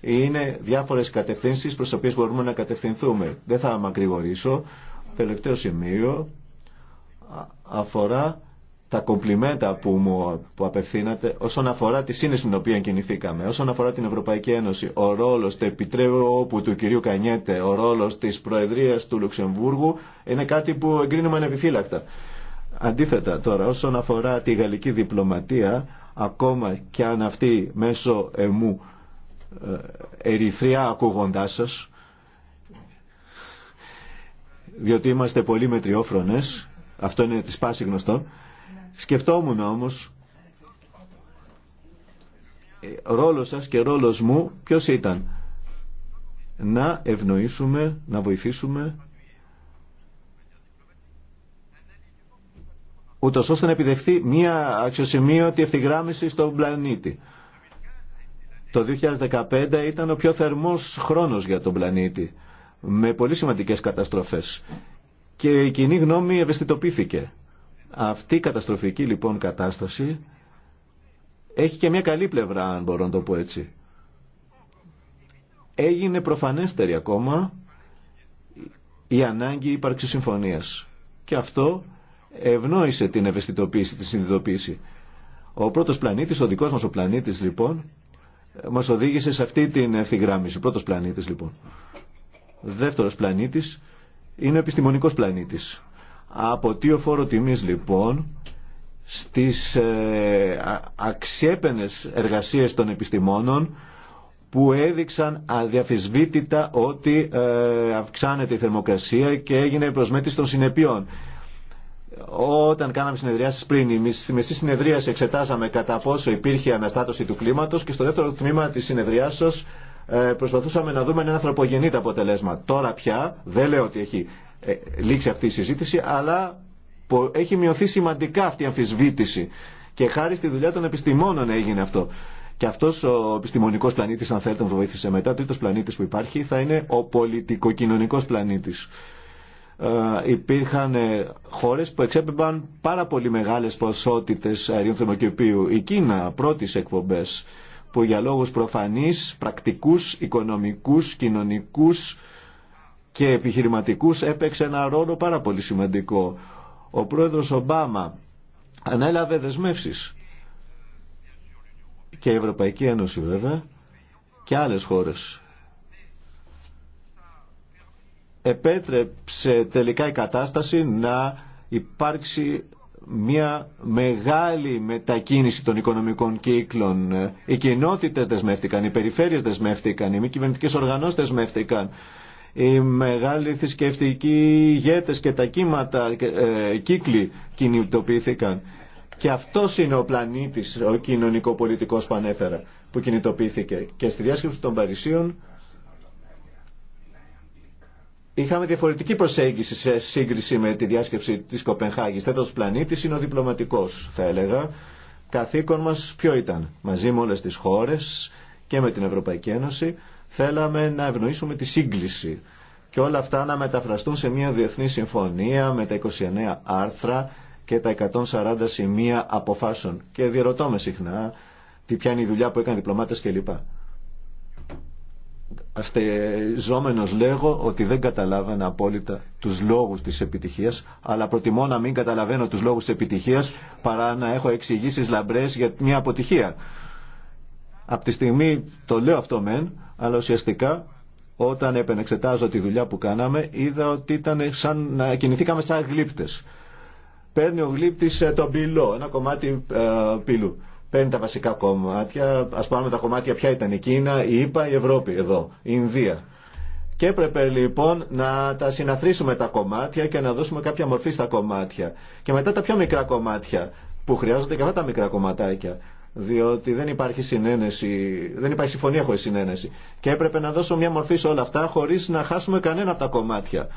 Είναι διάφορε κατευθύνσει προ τι οποίε μπορούμε να κατευθυνθούμε. Δεν θα μακρηγορήσω. Τελευταίο σημείο αφορά τα κομπλιμέντα που μου που απευθύνατε όσον αφορά τη σύνεση την οποία κινηθήκαμε, όσον αφορά την Ευρωπαϊκή Ένωση, ο ρόλος του όπου του κυρίου Κανιέτε, ο ρόλος της Προεδρίας του Λουξεμβούργου είναι κάτι που εγκρίνουμε ανεπιφύλακτα. Αντίθετα τώρα, όσον αφορά τη γαλλική διπλωματία, ακόμα και αν αυτή μέσω εμού ε, ερυθριά ακούγοντά σα, διότι είμαστε πολύ μετριόφρονες, αυτό είναι τη πάση γνωστό, Σκεφτόμουν όμως ε, ρόλος σας και ρόλος μου ποιος ήταν να ευνοήσουμε, να βοηθήσουμε ούτω ώστε να επιδευτεί μια αξιοσημείωτη ευθυγράμμιση στον πλανήτη. Το 2015 ήταν ο πιο θερμός χρόνος για τον πλανήτη με πολύ σημαντικές καταστροφές και η κοινή γνώμη ευαισθητοποιήθηκε. Αυτή η καταστροφική λοιπόν κατάσταση έχει και μια καλή πλευρά, αν μπορώ να το πω έτσι. Έγινε προφανέστερη ακόμα η ανάγκη ύπαρξη συμφωνίας. Και αυτό ευνόησε την ευαισθητοποίηση, τη συνειδητοποίηση. Ο πρώτος πλανήτης, ο δικός μας ο πλανήτης λοιπόν, μας οδήγησε σε αυτή την ευθυγράμμιση. Ο πρώτος πλανήτης λοιπόν. Δεύτερο δεύτερος είναι ο επιστημονικός πλανήτης. Από τι φόρο τιμής λοιπόν στις ε, αξιέπαινες εργασίες των επιστημόνων που έδειξαν αδιαφυσβήτητα ότι ε, αυξάνεται η θερμοκρασία και έγινε προσμέτρηση των συνεπειών. Όταν κάναμε συνεδριάσεις πριν, η μισή συνεδρίαση εξετάσαμε κατά πόσο υπήρχε αναστάτωση του κλίματος και στο δεύτερο τμήμα της συνεδριάσεως ε, προσπαθούσαμε να δούμε ένα ανθρωπογενή αποτελέσμα. Τώρα πια δεν λέω ότι έχει ε, λήξει αυτή η συζήτηση, αλλά έχει μειωθεί σημαντικά αυτή η αμφισβήτηση. Και χάρη στη δουλειά των επιστημόνων έγινε αυτό. Και αυτό ο επιστημονικό πλανήτη, αν θέλετε να βοήθησε μετά, τρίτο πλανήτη που υπάρχει, θα είναι ο πολιτικοκοινωνικό πλανήτη. Ε, υπήρχαν ε, χώρε που εξέπεμπαν πάρα πολύ μεγάλε ποσότητε αερίων θερμοκηπίου. Η Κίνα, πρώτη εκπομπέ, που για λόγου προφανεί, πρακτικού, οικονομικού, κοινωνικού, και επιχειρηματικούς έπαιξε ένα ρόλο πάρα πολύ σημαντικό. Ο πρόεδρος Ομπάμα ανέλαβε δεσμεύσεις και η Ευρωπαϊκή Ένωση βέβαια και άλλες χώρες. Επέτρεψε τελικά η κατάσταση να υπάρξει μια μεγάλη μετακίνηση των οικονομικών κύκλων. Οι κοινότητες δεσμεύτηκαν, οι περιφέρειες δεσμεύτηκαν, οι μη κυβερνητικές οργανώσεις δεσμεύτηκαν οι μεγάλοι θρησκευτικοί ηγέτες και τα κύματα, ε, κύκλοι κινητοποιήθηκαν. Και αυτό είναι ο πλανήτης, ο κοινωνικοπολιτικός που ανέφερα, που κινητοποιήθηκε. Και στη διάσκεψη των Παρισίων είχαμε διαφορετική προσέγγιση σε σύγκριση με τη διάσκεψη της Κοπενχάγης. Τέτος πλανήτης είναι ο διπλωματικός, θα έλεγα. Καθήκον μας ποιο ήταν, μαζί με όλες τις χώρες και με την Ευρωπαϊκή Ένωση, Θέλαμε να ευνοήσουμε τη σύγκληση και όλα αυτά να μεταφραστούν σε μια διεθνή συμφωνία με τα 29 άρθρα και τα 140 σημεία αποφάσεων. Και διερωτώ με συχνά τι πιάνει η δουλειά που έκανε διπλωμάτες κλπ. Αστεζόμενος λέγω ότι δεν καταλάβαινα απόλυτα τους λόγους της επιτυχίας, αλλά προτιμώ να μην καταλαβαίνω τους λόγους της επιτυχίας παρά να έχω εξηγήσει λαμπρές για μια αποτυχία. Από τη στιγμή το λέω αυτό μεν, αλλά ουσιαστικά όταν επενεξετάζω τη δουλειά που κάναμε είδα ότι ήταν σαν να κινηθήκαμε σαν γλύπτες. Παίρνει ο γλύπτης ε, το πυλό, ένα κομμάτι ε, πύλου. Παίρνει τα βασικά κομμάτια, ας πάμε τα κομμάτια ποια ήταν η Κίνα, η ΙΠΑ, η Ευρώπη εδώ, η Ινδία. Και έπρεπε λοιπόν να τα συναθρήσουμε τα κομμάτια και να δώσουμε κάποια μορφή στα κομμάτια. Και μετά τα πιο μικρά κομμάτια που χρειάζονται και αυτά τα μικρά κομματάκια διότι δεν υπάρχει συνένεση, δεν υπάρχει συμφωνία χωρίς συνένεση. Και έπρεπε να δώσω μια μορφή σε όλα αυτά χωρίς να χάσουμε κανένα από τα κομμάτια.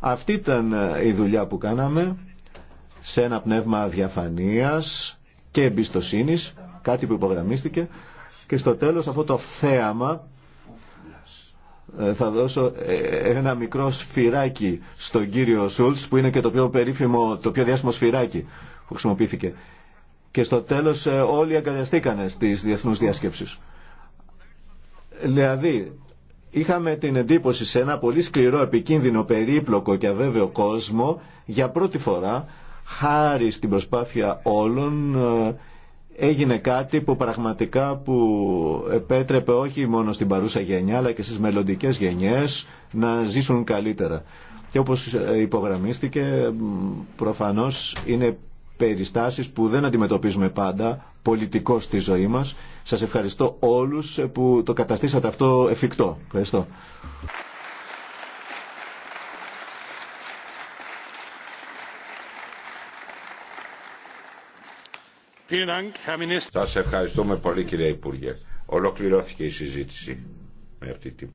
Αυτή ήταν ε, η δουλειά που κάναμε σε ένα πνεύμα διαφανείας και εμπιστοσύνης, κάτι που υπογραμμίστηκε και στο τέλος αυτό το θέαμα ε, θα δώσω ε, ένα μικρό σφυράκι στον κύριο Σούλτς που είναι και το πιο περίφημο, το πιο διάσημο σφυράκι που χρησιμοποιήθηκε και στο τέλος ε, όλοι αγκαλιαστήκανε στις διεθνούς διάσκεψεις. Δηλαδή, είχαμε την εντύπωση σε ένα πολύ σκληρό, επικίνδυνο, περίπλοκο και αβέβαιο κόσμο, για πρώτη φορά, χάρη στην προσπάθεια όλων, ε, έγινε κάτι που πραγματικά που επέτρεπε όχι μόνο στην παρούσα γενιά, αλλά και στις μελλοντικές γενιές να ζήσουν καλύτερα. Και όπως ε, υπογραμμίστηκε, προφανώς είναι περιστάσεις που δεν αντιμετωπίζουμε πάντα πολιτικό στη ζωή μας. Σας ευχαριστώ όλους που το καταστήσατε αυτό εφικτό. Ευχαριστώ. Σας ευχαριστούμε πολύ κύριε Υπουργέ. Ολοκληρώθηκε η συζήτηση με αυτή την